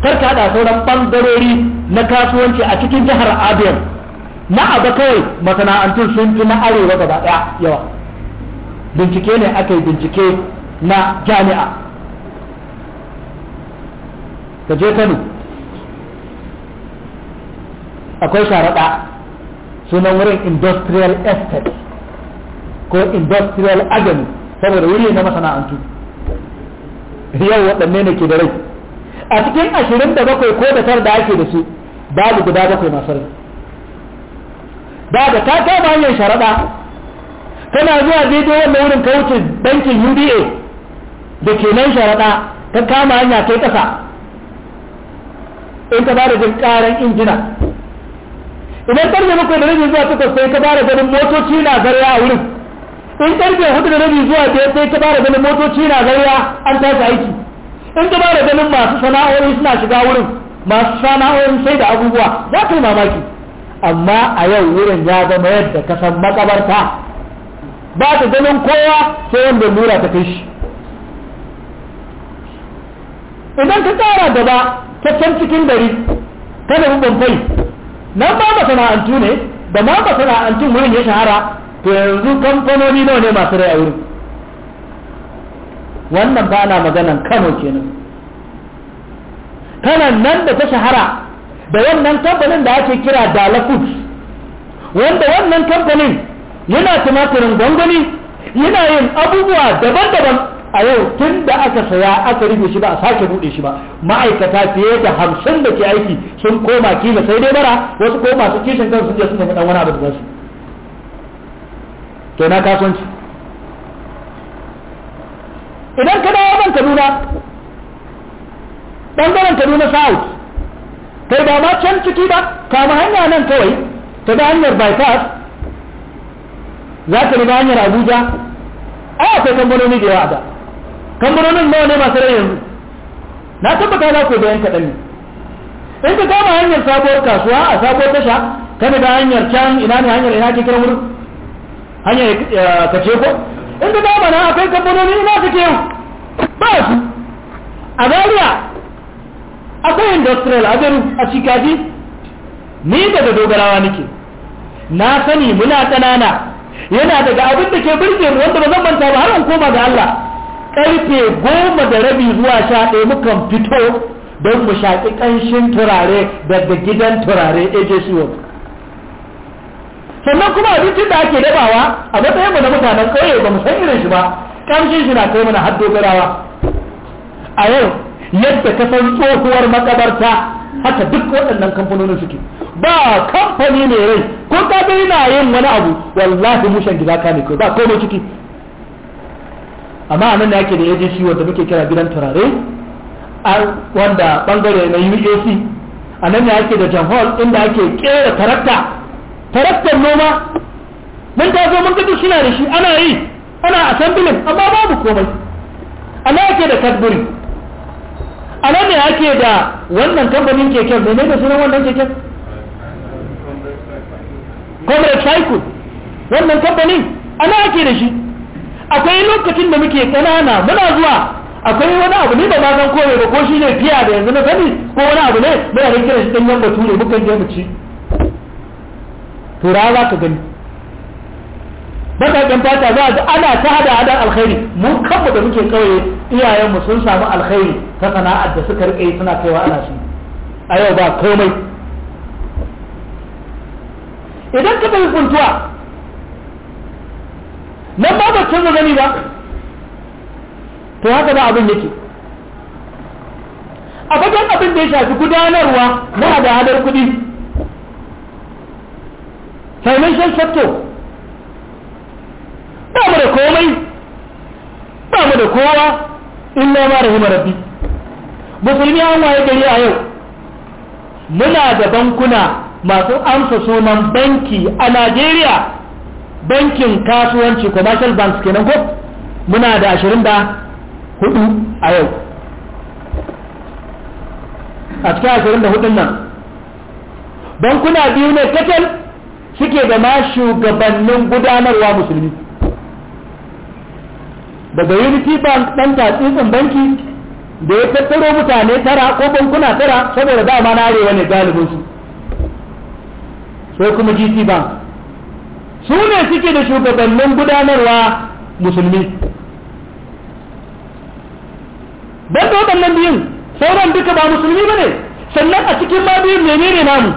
da sauran bangarori na kasuwanci a cikin jihar abia na aba kawai masana'antun sun fi na arewa gaba daya yawa bincike ne aka yi bincike na jami'a ka je kano akwai sharaɗa sunan wurin industrial estate ko industrial agony saboda wuri na masana'antu yau waɗanne ne ke da rai a cikin ashirin da bakwai ko da tar da ake da su babu guda bakwai masu rai ba da ta kama hanyar sharaɗa kana zuwa zai daidai wannan wurin ka wuce bankin uda da ke nan sharaɗa ka kama hanya kai ƙasa in ka ba da jin ƙaran injina idan ƙarfe bakwai da rabi zuwa takwas sai ka ba da ganin motoci na zarya a wurin in ƙarfe hudu da rabi zuwa biyar sai ka ba da ganin motoci na zarya an tashi aiki in ka ba da ganin masu sana'o'i suna shiga wurin masu sana'o'in sai da abubuwa za ka yi mamaki amma a yau wurin ya zama yadda ka san makabarta ba ta ganin kowa sai wanda lura ta kai shi idan ka tsara gaba ta can cikin gari ta da kai nan ba na'antu ne da ma na'antu wurin ya shahara to yanzu kamfanoni nawa ne masu rai a wurin wannan ba na maganan kano kenan kanan nan da ta shahara da wannan kamfanin da ake kira dala foods wanda wannan kamfanin yana tumatirin gwangwani yana yin abubuwa daban-daban a yau tun da aka saya aka rufe shi ba a sake buɗe shi ba ma'aikata fiye da hamsin da ke aiki sun koma kila sai dai bara wasu ko masu kishin kan sun je sun nemi dan wani abu da su to na kasuwanci idan ka dawo ban kaduna ɓangaren kaduna south kai ba ma can ciki ba kama hanya nan kawai ta da hanyar bypass za ka riga hanyar abuja a akwai kambanoni da yawa da kamfanonin nawa ne masu rai yanzu na tabbata za ku bayan kaɗan ne in ka kama hanyar sabuwar kasuwa a sabuwar tasha ka da hanyar can ina ne hanyar ina ke kiran wurin hanyar eh, ce ko in ka kama na akwai kamfanoni ina ka ce ba su a zariya akwai industrial abiru a cikaji ni daga dogarawa nake na sani muna ƙanana yana daga abin da ke birge mu wanda ba zan manta ba har an koma ga Allah karfe goma da rabi zuwa sha ɗaya mukan fito don mu shaƙi ƙanshin turare daga gidan turare AJCO sannan kuma abincin da ake dabawa a matsayin mu na mutanen ƙauye ba mu san irin shi ba ƙamshin shi na kai mana har dogarawa a yau yadda ka san tsohuwar makabarta haka duk waɗannan kamfanonin suke ba kamfani mai rai ko ka daina yin wani abu wallahi mushen gida ka ne ba komai ciki amma a nan yake da AGC wanda muke kira gidan turare wanda bangare na UAC a nan ne ake da John Hall inda ake kera tarakta taraktar noma mun ta zo mun ga suna da shi ana yi ana assembling amma babu komai ana yake da Cadbury a ne ake da wannan kamfanin keken mai da sunan wannan keken comrade cycle wannan kamfanin ana ake da shi akwai lokacin da muke kanana muna zuwa akwai wani abu ne da ba san kore ba ko shi ne fiya da yanzu na sani ko wani abu ne muna da kira shi batu bature mukan je mu ci turawa za ka gani bakakken fata za a ana ta hada hadar alkhairi mun kafa da muke kawai iyayenmu sun samu alkhairi ta sana'ar da suka rike suna kaiwa ana shi a yau ba komai idan ka bai kuntuwa na ba da canza gani ba to haka da abin yake a bakin abin da ya shafi gudanarwa na hada-hadar kudi financial sector ba mu da komai ba mu da kowa in ma rahima rabbi musulmi an waye gari a yau muna da bankuna masu amsa sunan banki a najeriya bankin kasuwanci commercial banks kenan ko muna da ashirin a yau a cikin ashirin da nan bankuna biyu ne kacal suke da ma shugabannin gudanarwa musulmi daga unity bank ɗan tatsitsin banki da ya tattaro mutane tara ko bankuna tara saboda dama na arewa ne galibin su sai kuma GT bank su ne suke da shugabannin gudanarwa musulmi ban da waɗannan biyun sauran duka ba musulmi ba ne sannan a cikin ma biyun menene namu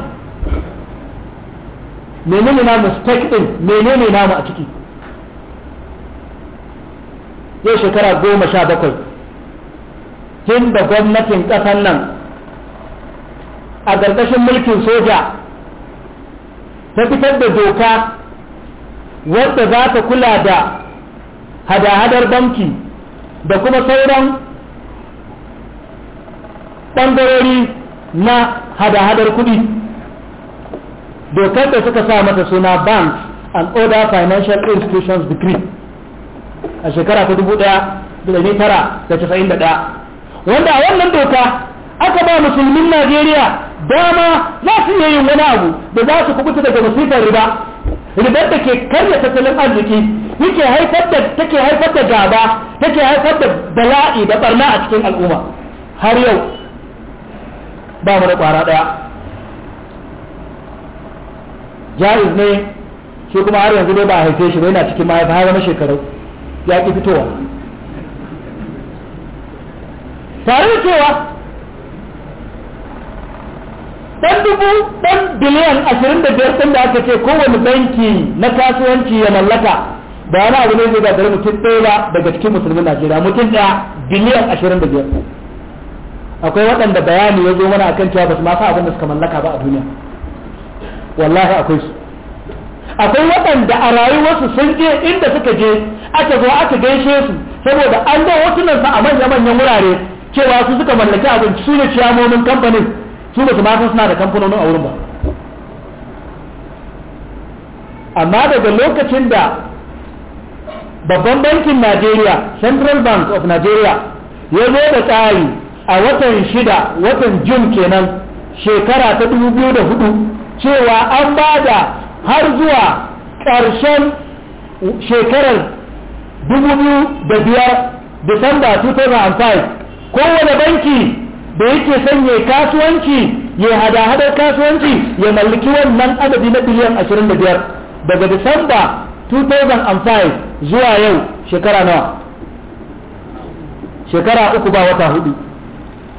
menene namu stake din menene namu a ciki yau shekara goma sha bakwai tun da gwamnatin ƙasan nan a ƙarƙashin mulkin soja ta fitar da doka wadda za ta kula da hada-hadar banki da kuma sauran ɓangarori na hada-hadar kuɗi dokar da suka sa mata suna bank and other financial institutions decree a shekara ta 1991 wanda a wannan doka aka ba musulmin najeriya dama za su iya yin wani abu da za su kubuta daga masifar riba ribar da ke karya tattalin arziki yake haifar da take haifar da gaba take haifar da bala'i da barna a cikin al'umma har yau ba mu da kwara daya jaiz ne shi kuma har yanzu dai ba a haife shi ba yana cikin mahaifa har zama shekaru ya ki fitowa tare da cewa dan dubu dan biliyan ashirin da biyar ɗin da aka ce kowane banki na kasuwanci ya mallaka ba wani abu ne zai gagari mutum ɗaya ba daga cikin musulmin najeriya mutum ɗaya biliyan ashirin da biyar akwai waɗanda bayani ya zo mana akan cewa ba su ma sa abin da suka mallaka ba a duniya wallahi akwai su akwai waɗanda a rayuwarsu sun je inda suka je aka zo aka gaishe su saboda an zo wasu nan su a manya-manyan wurare cewa su suka mallaki abinci su ne ciyamomin kamfanin su ba su san suna da kamfanonin a wurin ba amma daga lokacin da babban bankin najeriya central bank of nigeria ya zo da tsari a watan shida watan jun kenan shekara ta 2004 cewa an ba da har zuwa ƙarshen shekarar 2005 disamba 2005 kowane banki da yake sanya kasuwanci ya hada-hadar kasuwanci ya mallaki wannan adadi na biliyan 25 daga disamba 2005 zuwa yau shekara nawa shekara uku ba wata hudu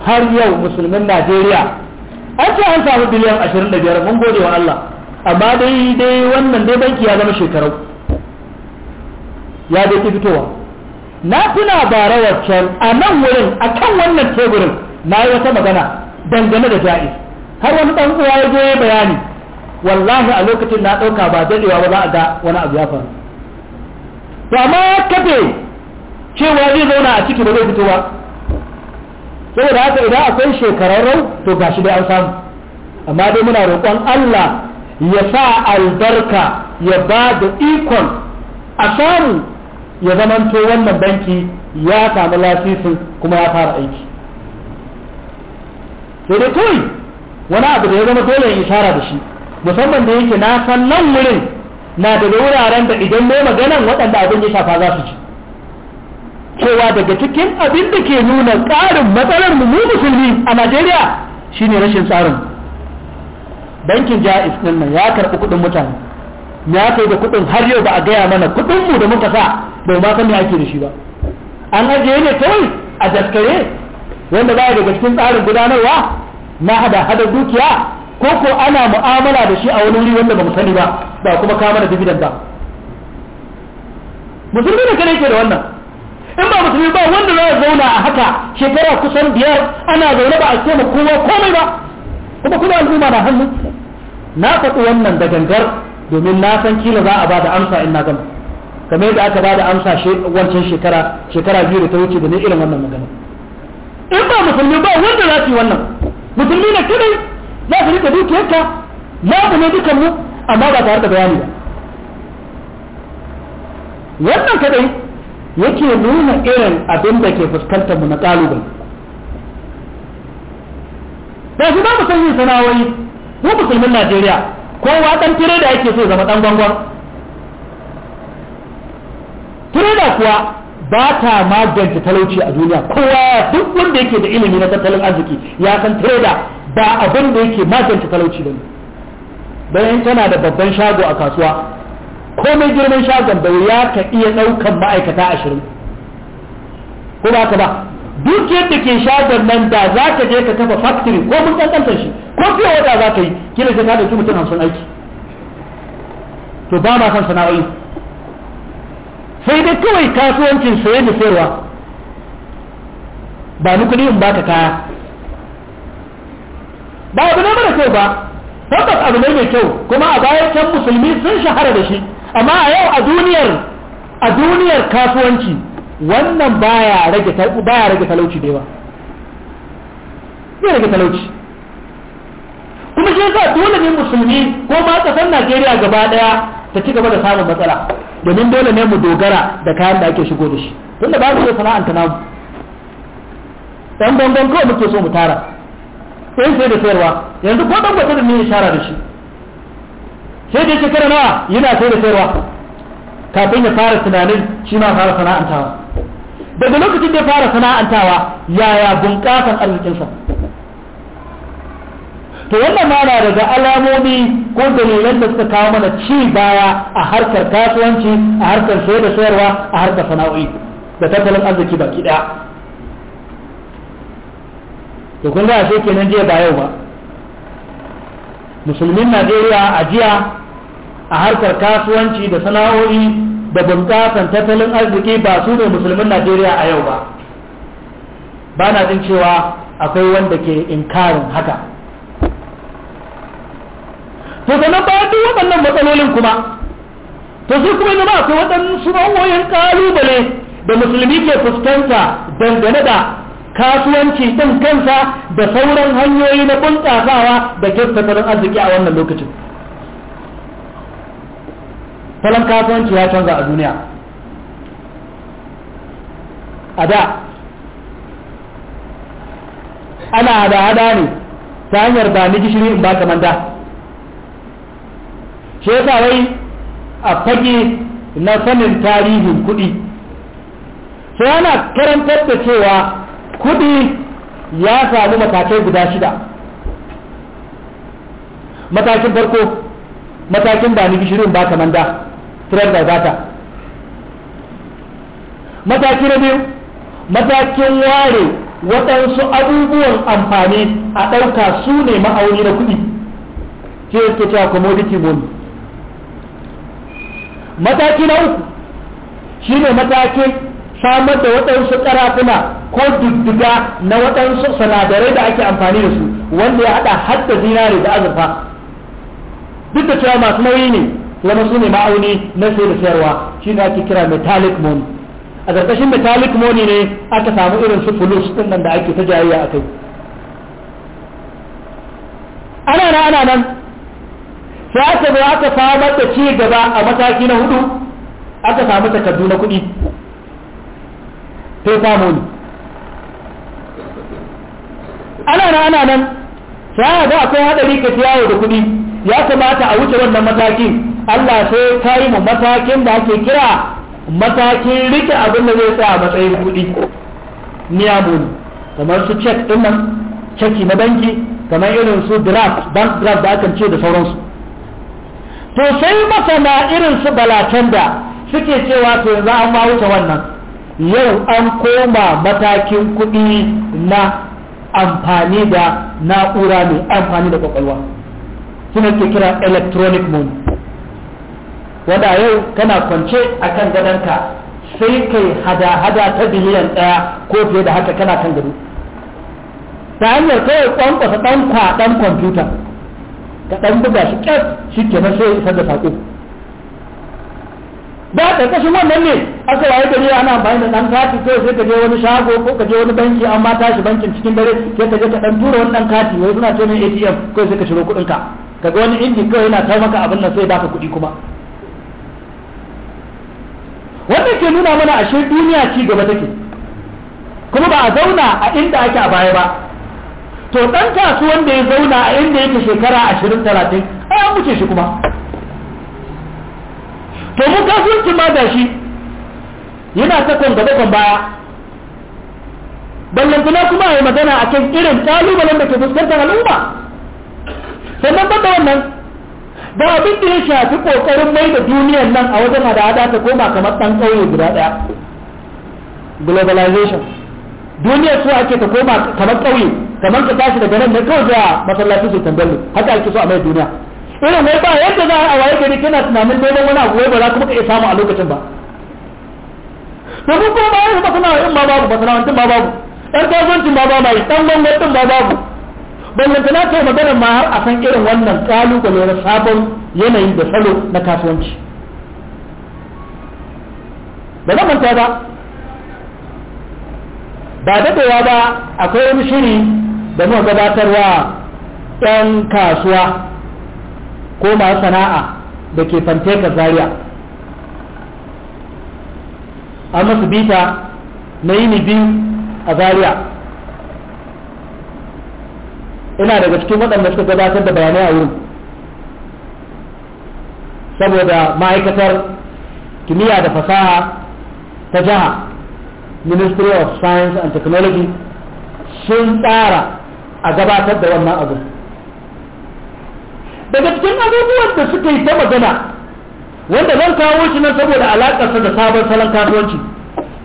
har yau musulmin najeriya an ce an samu biliyan 25 mun gode wa allah amma dai dai wannan dai banki ya zama shekarau ya dai ki fitowa na tuna bara waccan a nan wurin a kan wannan teburin na yi wata magana dangane da ja'i har wani ɗan uwa ya zo bayani wallahi a lokacin na ɗauka ba daɗewa ba za ga wani abu ya faru to amma kafe cewa zai zauna a ciki ba zai fito ba saboda haka idan akwai shekararrau to gashi dai an samu amma dai muna roƙon Allah ya sa albarka ya ba da ikon a samu ya zamanto wannan banki ya samu lasisin kuma ya fara aiki sai dai kawai wani abu da ya zama dole in isara da shi musamman da yake na san nan wurin na daga wuraren da idan mai maganan waɗanda abin ya shafa za su ji cewa daga cikin abin da ke nuna ƙarin matsalar mu musulmi a najeriya shine rashin tsarin bankin Jaiz ɗin nan ya karɓi kuɗin mutane me yi da kuɗin har yau ba a gaya mana kuɗin mu da muka sa bai ma san me ake da shi ba an ajiye ne kawai a daskare wanda baya daga cikin tsarin gudanarwa na hada hada dukiya ko ko ana mu'amala da shi a wani wuri wanda ba mu sani ba ba kuma kama da dividend ba musulmi ne kane ke da wannan in ba musulmi ba wanda za a zauna a haka shekara kusan biyar ana zaune ba a ce ma kowa komai ba kuma kuma al'umma na hannu na faɗi wannan da gangar domin na san kila za a ba da amsa in na gama kamar yadda aka ba da amsa wancan shekara shekara biyu da ta wuce da ne irin wannan magana in ba musulmi ba wanda za su yi wannan musulmi ne kadai za su rika dukiyarka za su ne dukan mu amma ba tare da bayani ba wannan kadai yake nuna irin abin da ke fuskantar mu na kalubale ba su ba mu san yin sana'o'i mu musulmin Najeriya kowa dan tireda yake so zama dan gwangwan tireda kuwa ba ta magance talauci a duniya kowa duk wanda yake da ilimi na tattalin arziki ya san tireda ba abin da yake magance talauci bane bayan tana da babban shago a kasuwa komai girman shagon da ya ka iya ɗaukan ma'aikata ashirin ko ba ka ba duk yadda ke shagon nan da za ka je ka kafa factory ko mun kankantar shi ko fiye wata za ka yi kila ka kada dauki mutum hamsin aiki to ba ma san sana'o'i sai dai kawai kasuwancin saye da sayarwa ba ni kuɗi in baka kaya ba abu ne mara kyau ba tabbas abu ne mai kyau kuma a bayan can musulmi sun shahara da shi amma a yau a duniyar a duniyar kasuwanci wannan baya rage baya rage talauci da yawa ya rage talauci kuma shi yasa dole ne musulmi ko ma kasar Najeriya gaba daya ta ci gaba da samun matsala domin dole ne mu dogara da kayan da ake shigo da shi tunda ba su da sana'anta namu dan bangon kawai muke so mu tara sai sai da sayarwa yanzu ko dan gwata ne ya shara da shi sai da shekara nawa yana sai da sayarwa kafin ya fara tunanin shi ma fara sana'antawa daga lokacin da ya fara sana'antawa yaya bunƙasar arzikinsa to wannan ma daga alamomi ko dalilan da suka kawo mana ci baya a harkar kasuwanci a harkar sayar da sayarwa a harkar sana'o'i da tattalin arziki baki ɗaya to kun ga ashe kenan jiya ba yau ba musulmin najeriya a jiya a harkar kasuwanci da sana'o'i da bunƙasan tattalin arziki ba su ne musulmin najeriya a yau ba ba na jin cewa akwai wanda ke inkarin haka to sannan bayan duk waɗannan matsalolin kuma to sai kuma zama akwai waɗansu nau'o'in ƙalubale da musulmi ke fuskanta dangane da kasuwanci ɗin kansa da sauran hanyoyi na bunƙasawa da kyau tattalin arziki a wannan lokacin salon kasuwanci ya canza a duniya a da ana da hada ne ta hanyar ba ni gishiri in ba ka manda shi yasa wai a fage na sanin tarihin kuɗi sai ana karantar da cewa kuɗi ya samu matakai guda shida matakin farko matakin ba ni gishirin ba ka manda furar da zata mataki na biyu matakin ware waɗansu abubuwan amfani a ɗauka su ne ma'auni na kuɗi ke ta cewa commodity money mataki na uku shi ne matakin samar da waɗansu ƙarafuna ko diddiga na waɗansu sinadarai da ake amfani da su wanda ya haɗa hadda zinare da azurfa duk da cewa masu nauyi ne wani su ne ma'auni na sai da sayarwa shi ne ake kira metallic money a ƙarƙashin metallic money ne aka samu irin su fulus ɗin nan da ake ta jayayya a kai ana na ana nan sai aka zo aka samar da ci gaba a mataki na hudu aka samu takardu na kuɗi paper money ana na ana nan sai aka ga akwai haɗari ka ciyawo da kuɗi ya kamata a wuce wannan matakin Allah sai ta yi mu matakin da ake kira matakin rike abin da zai tsaya a matsayin kuɗi miyamun kamar su cek ɗin nan ceki na banki kamar irin su draft bank draft da akan ce da sauransu to sai masana irin su balatan da suke cewa to yanzu an ma wuce wannan yau an koma matakin kuɗi na amfani da na'ura mai amfani da kwakwalwa suna ke kira electronic money wanda yau kana kwance a kan gadonka sai kai hada-hada ta biliyan ɗaya ko fiye da haka kana kan gado ta hanyar kawai kwankwasa ɗan kwaɗan kwamfuta ka ɗan buga shi ƙyar shi na sai isar da saƙo ba kashi wannan ne aka waye gari ana bayan da ɗan kati kawai sai ka je wani shago ko ka je wani banki an ma tashi bankin cikin dare sai ka je ka ɗan tura wani ɗan kati wai suna ce mai atm kawai sai ka shiro kuɗinka ka ga wani inji kawai yana taimaka abin nan sai baka kuɗi kuma wannan ke nuna mana ashe duniya ci gaba take kuma ba a zauna a inda ake a baya ba to dan kasuwan da ya zauna a inda yake shekara ashirin talatin ai an wuce shi kuma to mu kasuwanci ma da shi yana ta kan gaba baya ballan kuma kuma yi magana a kan irin kalubalen da ke fuskantar al'umma sannan ban da wannan da abin da ya shafi kokarin mai da duniyar nan a wajen hada-hada ta koma kamar ɗan ƙauye guda ɗaya globalization duniyar su ake ta koma kamar ƙauye kamar ka tashi daga nan ne kawai a masallaci su tambayi haka ake so a mai duniya irin mai ba yadda za a waye gari kana tunanin neman wani abu ba za kuma ka iya samu a lokacin ba domin kuma ba yin masana in ma babu masana wancan ma babu ɗan kasuwancin ma ba mai ɗan gwamnatin ma babu ballantana na yi magana ma har a san irin wannan kalubale na sabon yanayin da salo na kasuwanci ba zan manta ba ba daɗewa ba akwai wani shiri da muka gabatarwa ɗan kasuwa ko masu sana'a da ke fanteka zaria an masu bita na yini biyu a zaria ina daga cikin waɗanda suka gabatar da bayanai a wurin saboda ma'aikatar kimiyya da fasaha ta jiha ministry of science and technology sun tsara a gabatar da wannan abu daga cikin abubuwan da suka yi ta magana wanda zan kawo shi nan saboda alaƙarsa da sabon salon kasuwanci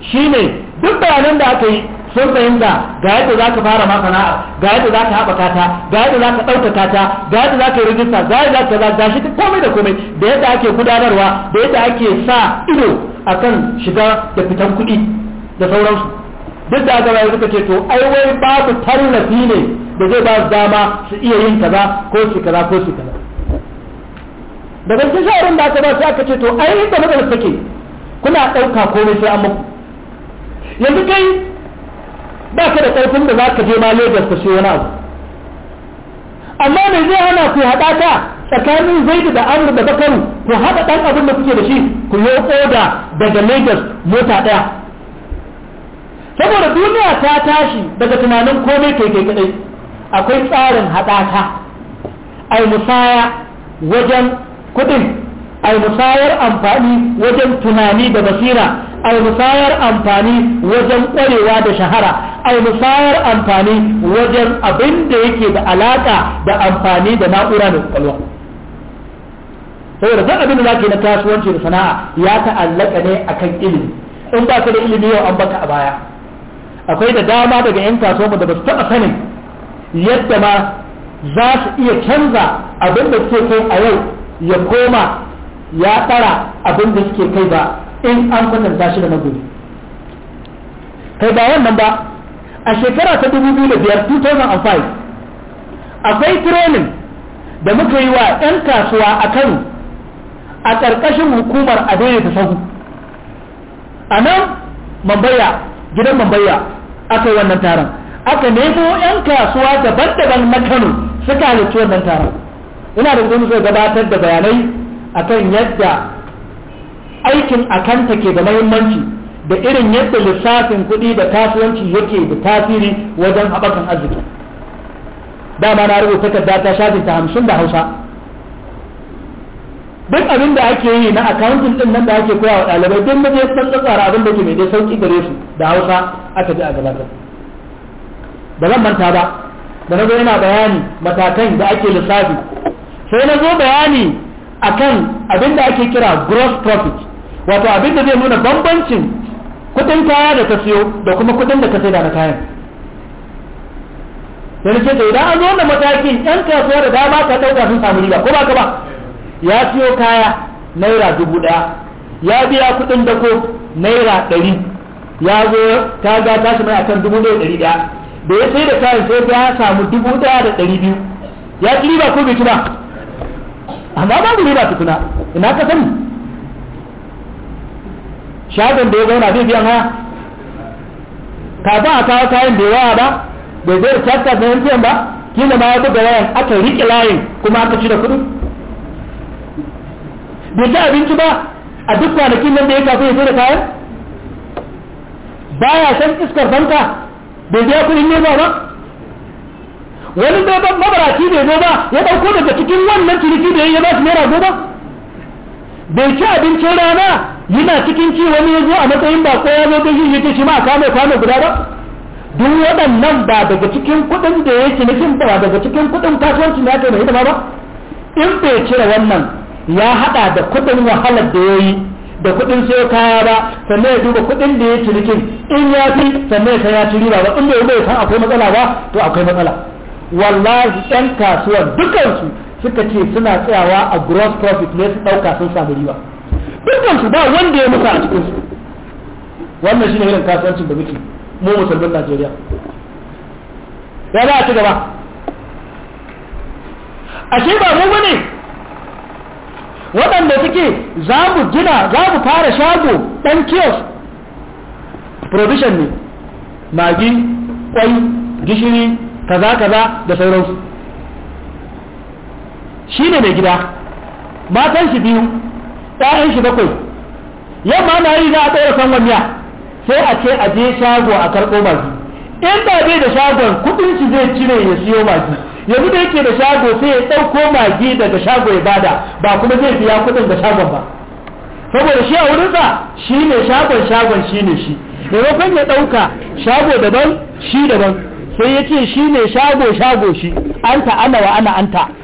shine duk bayanan da aka yi sun fahimta ga yadda za ka fara ma sana'ar ga yadda za ka haɓaka ta ga yadda za ka ɗaukaka ta ga yadda za ka yi rijista ga yadda za ka ga shi komai da komai da yadda ake gudanarwa da yadda ake sa ido a kan shiga da fitan kuɗi da sauransu duk da aka suka ce to ai wai babu tallafi ne da zai ba su dama su iya yin kaza ko su kaza ko su kaza da gaske shawarar da aka ba su aka ce to ai inda matsalar take kuna ɗauka komai sai an muku yanzu kai ba ka da ƙarfin da za ka je ma Lagos ka siyo wani abu amma mai zai hana ku haɗa ta tsakanin zaidu da amur da bakaru ku haɗa ɗan abin da kuke da shi ku yi oda daga Lagos mota ɗaya saboda duniya ta tashi daga tunanin komai kai kai kadai akwai tsarin haɗaka ai musaya wajen kuɗin ai musayar amfani wajen tunani da basira ai musayar amfani wajen ƙwarewa da shahara ai musayar amfani wajen abin da yake da alaƙa da amfani da na'ura da saboda zan abin da zaki na kasuwanci da sana'a ya ta'allaka ne akan ilimi in ba ka da ilimi yau an baka a baya akwai da dama daga 'yan kasuwanmu da ba su taɓa sanin yadda ma za su iya canza abin da suke kai a yau ya koma ya tsara abin da suke kai ba in an kwatanta shi da magoji kai ba wannan ba a shekara ta 2005 2005 akwai training da muka yi wa 'yan kasuwa a kano a ƙarƙashin hukumar a ta sahu a nan mambaya gidan mambaya aka yi wannan taron aka nemo 'yan kasuwa daban-daban na kano suka halittu wannan taron ina da gudun gabatar da bayanai a kan yadda aikin akanta ke da mahimmanci da irin yadda lissafin kuɗi da kasuwanci yake da tasiri wajen haɓakan arziki dama na rubuta takarda ta shafin ta hamsin da hausa duk abin da ake yi na accounting din nan da ake koya wa ɗalibai don na san tsara abin da ke mai dai sauki gare su da hausa aka ji a gabatar da zan manta ba da na zo yana bayani matakan da ake lissafi sai na zo bayani akan abin da ake kira gross profit wato abin da zai nuna bambancin kudin kaya da ta siyo da kuma kudin da ta sai da na kayan da nake ta idan an zo na matakin yan kasuwa da dama ka dauka sun samu riba ko ba ka ba ya siyo kaya naira dubu daya ya biya kudin dako naira ɗari ya zo ta ga shi mai kan dubu ɗaya ɗari ɗaya da ya sai da kayan sai ya samu dubu ɗaya da ɗari biyu ya ci riba ko bai ci ba amma babu riba tukuna ina ka sani shagon da ya zauna zai biyan haya kafin a kawo kayan da yawa ba bai zai rikasta da yanzu ba kila ma ya buga wayan aka riƙe layin kuma aka cire kuɗi bai ci abinci ba a duk kwanakin nan da ya kafin ya sai da kayan baya san iskar banka bai biya kuɗin nema ba wani mabara ci bai zo ba ya ɗauko daga cikin wannan ciniki da ya ba su naira goma bai ci abincin rana yana cikin ci wani ya zo a matsayin ba ko ya zo da shi yake shi ma a kame kwano guda ba duk waɗannan ba daga cikin kuɗin da ya ci nufin ba daga cikin kuɗin kasuwanci da ake mai hidima ba in bai cire wannan ya haɗa da kuɗin wahalar da ya yi da kuɗin sai kaya ba sannan ya duba kuɗin da ya ci nufin in ya fi sannan ya ya ci riba ba in bai bai san akwai matsala ba to akwai matsala wallahi ɗan kasuwar dukansu suka ce suna tsayawa a gross profit ne su ɗauka sun samu riba dukkan su ba wanda ya musa a cikin su wannan shine irin kasuwancin da muke mu musulmin Najeriya ya za a ci gaba ashe ba mu bane waɗanda suke za mu gina za mu fara shago ɗan kiyos provision ne magi kwai gishiri kaza kaza da sauransu shi ne mai gida matan shi biyu ɗayan shi bakwai yamma na yi za a ɗaura sanwan miya sai a ce a je shago a karɓo magi in ba bai da shagon kuɗin shi zai cire ya siyo magi yanzu da yake da shago sai ya ɗauko magi daga shago ya bada ba kuma zai biya kuɗin da shagon ba saboda shi a wurinsa shi ne shagon shagon shi ne shi maimakon ya ɗauka shago daban shi daban sai ya ce shi ne shago shago shi anta ana wa ana anta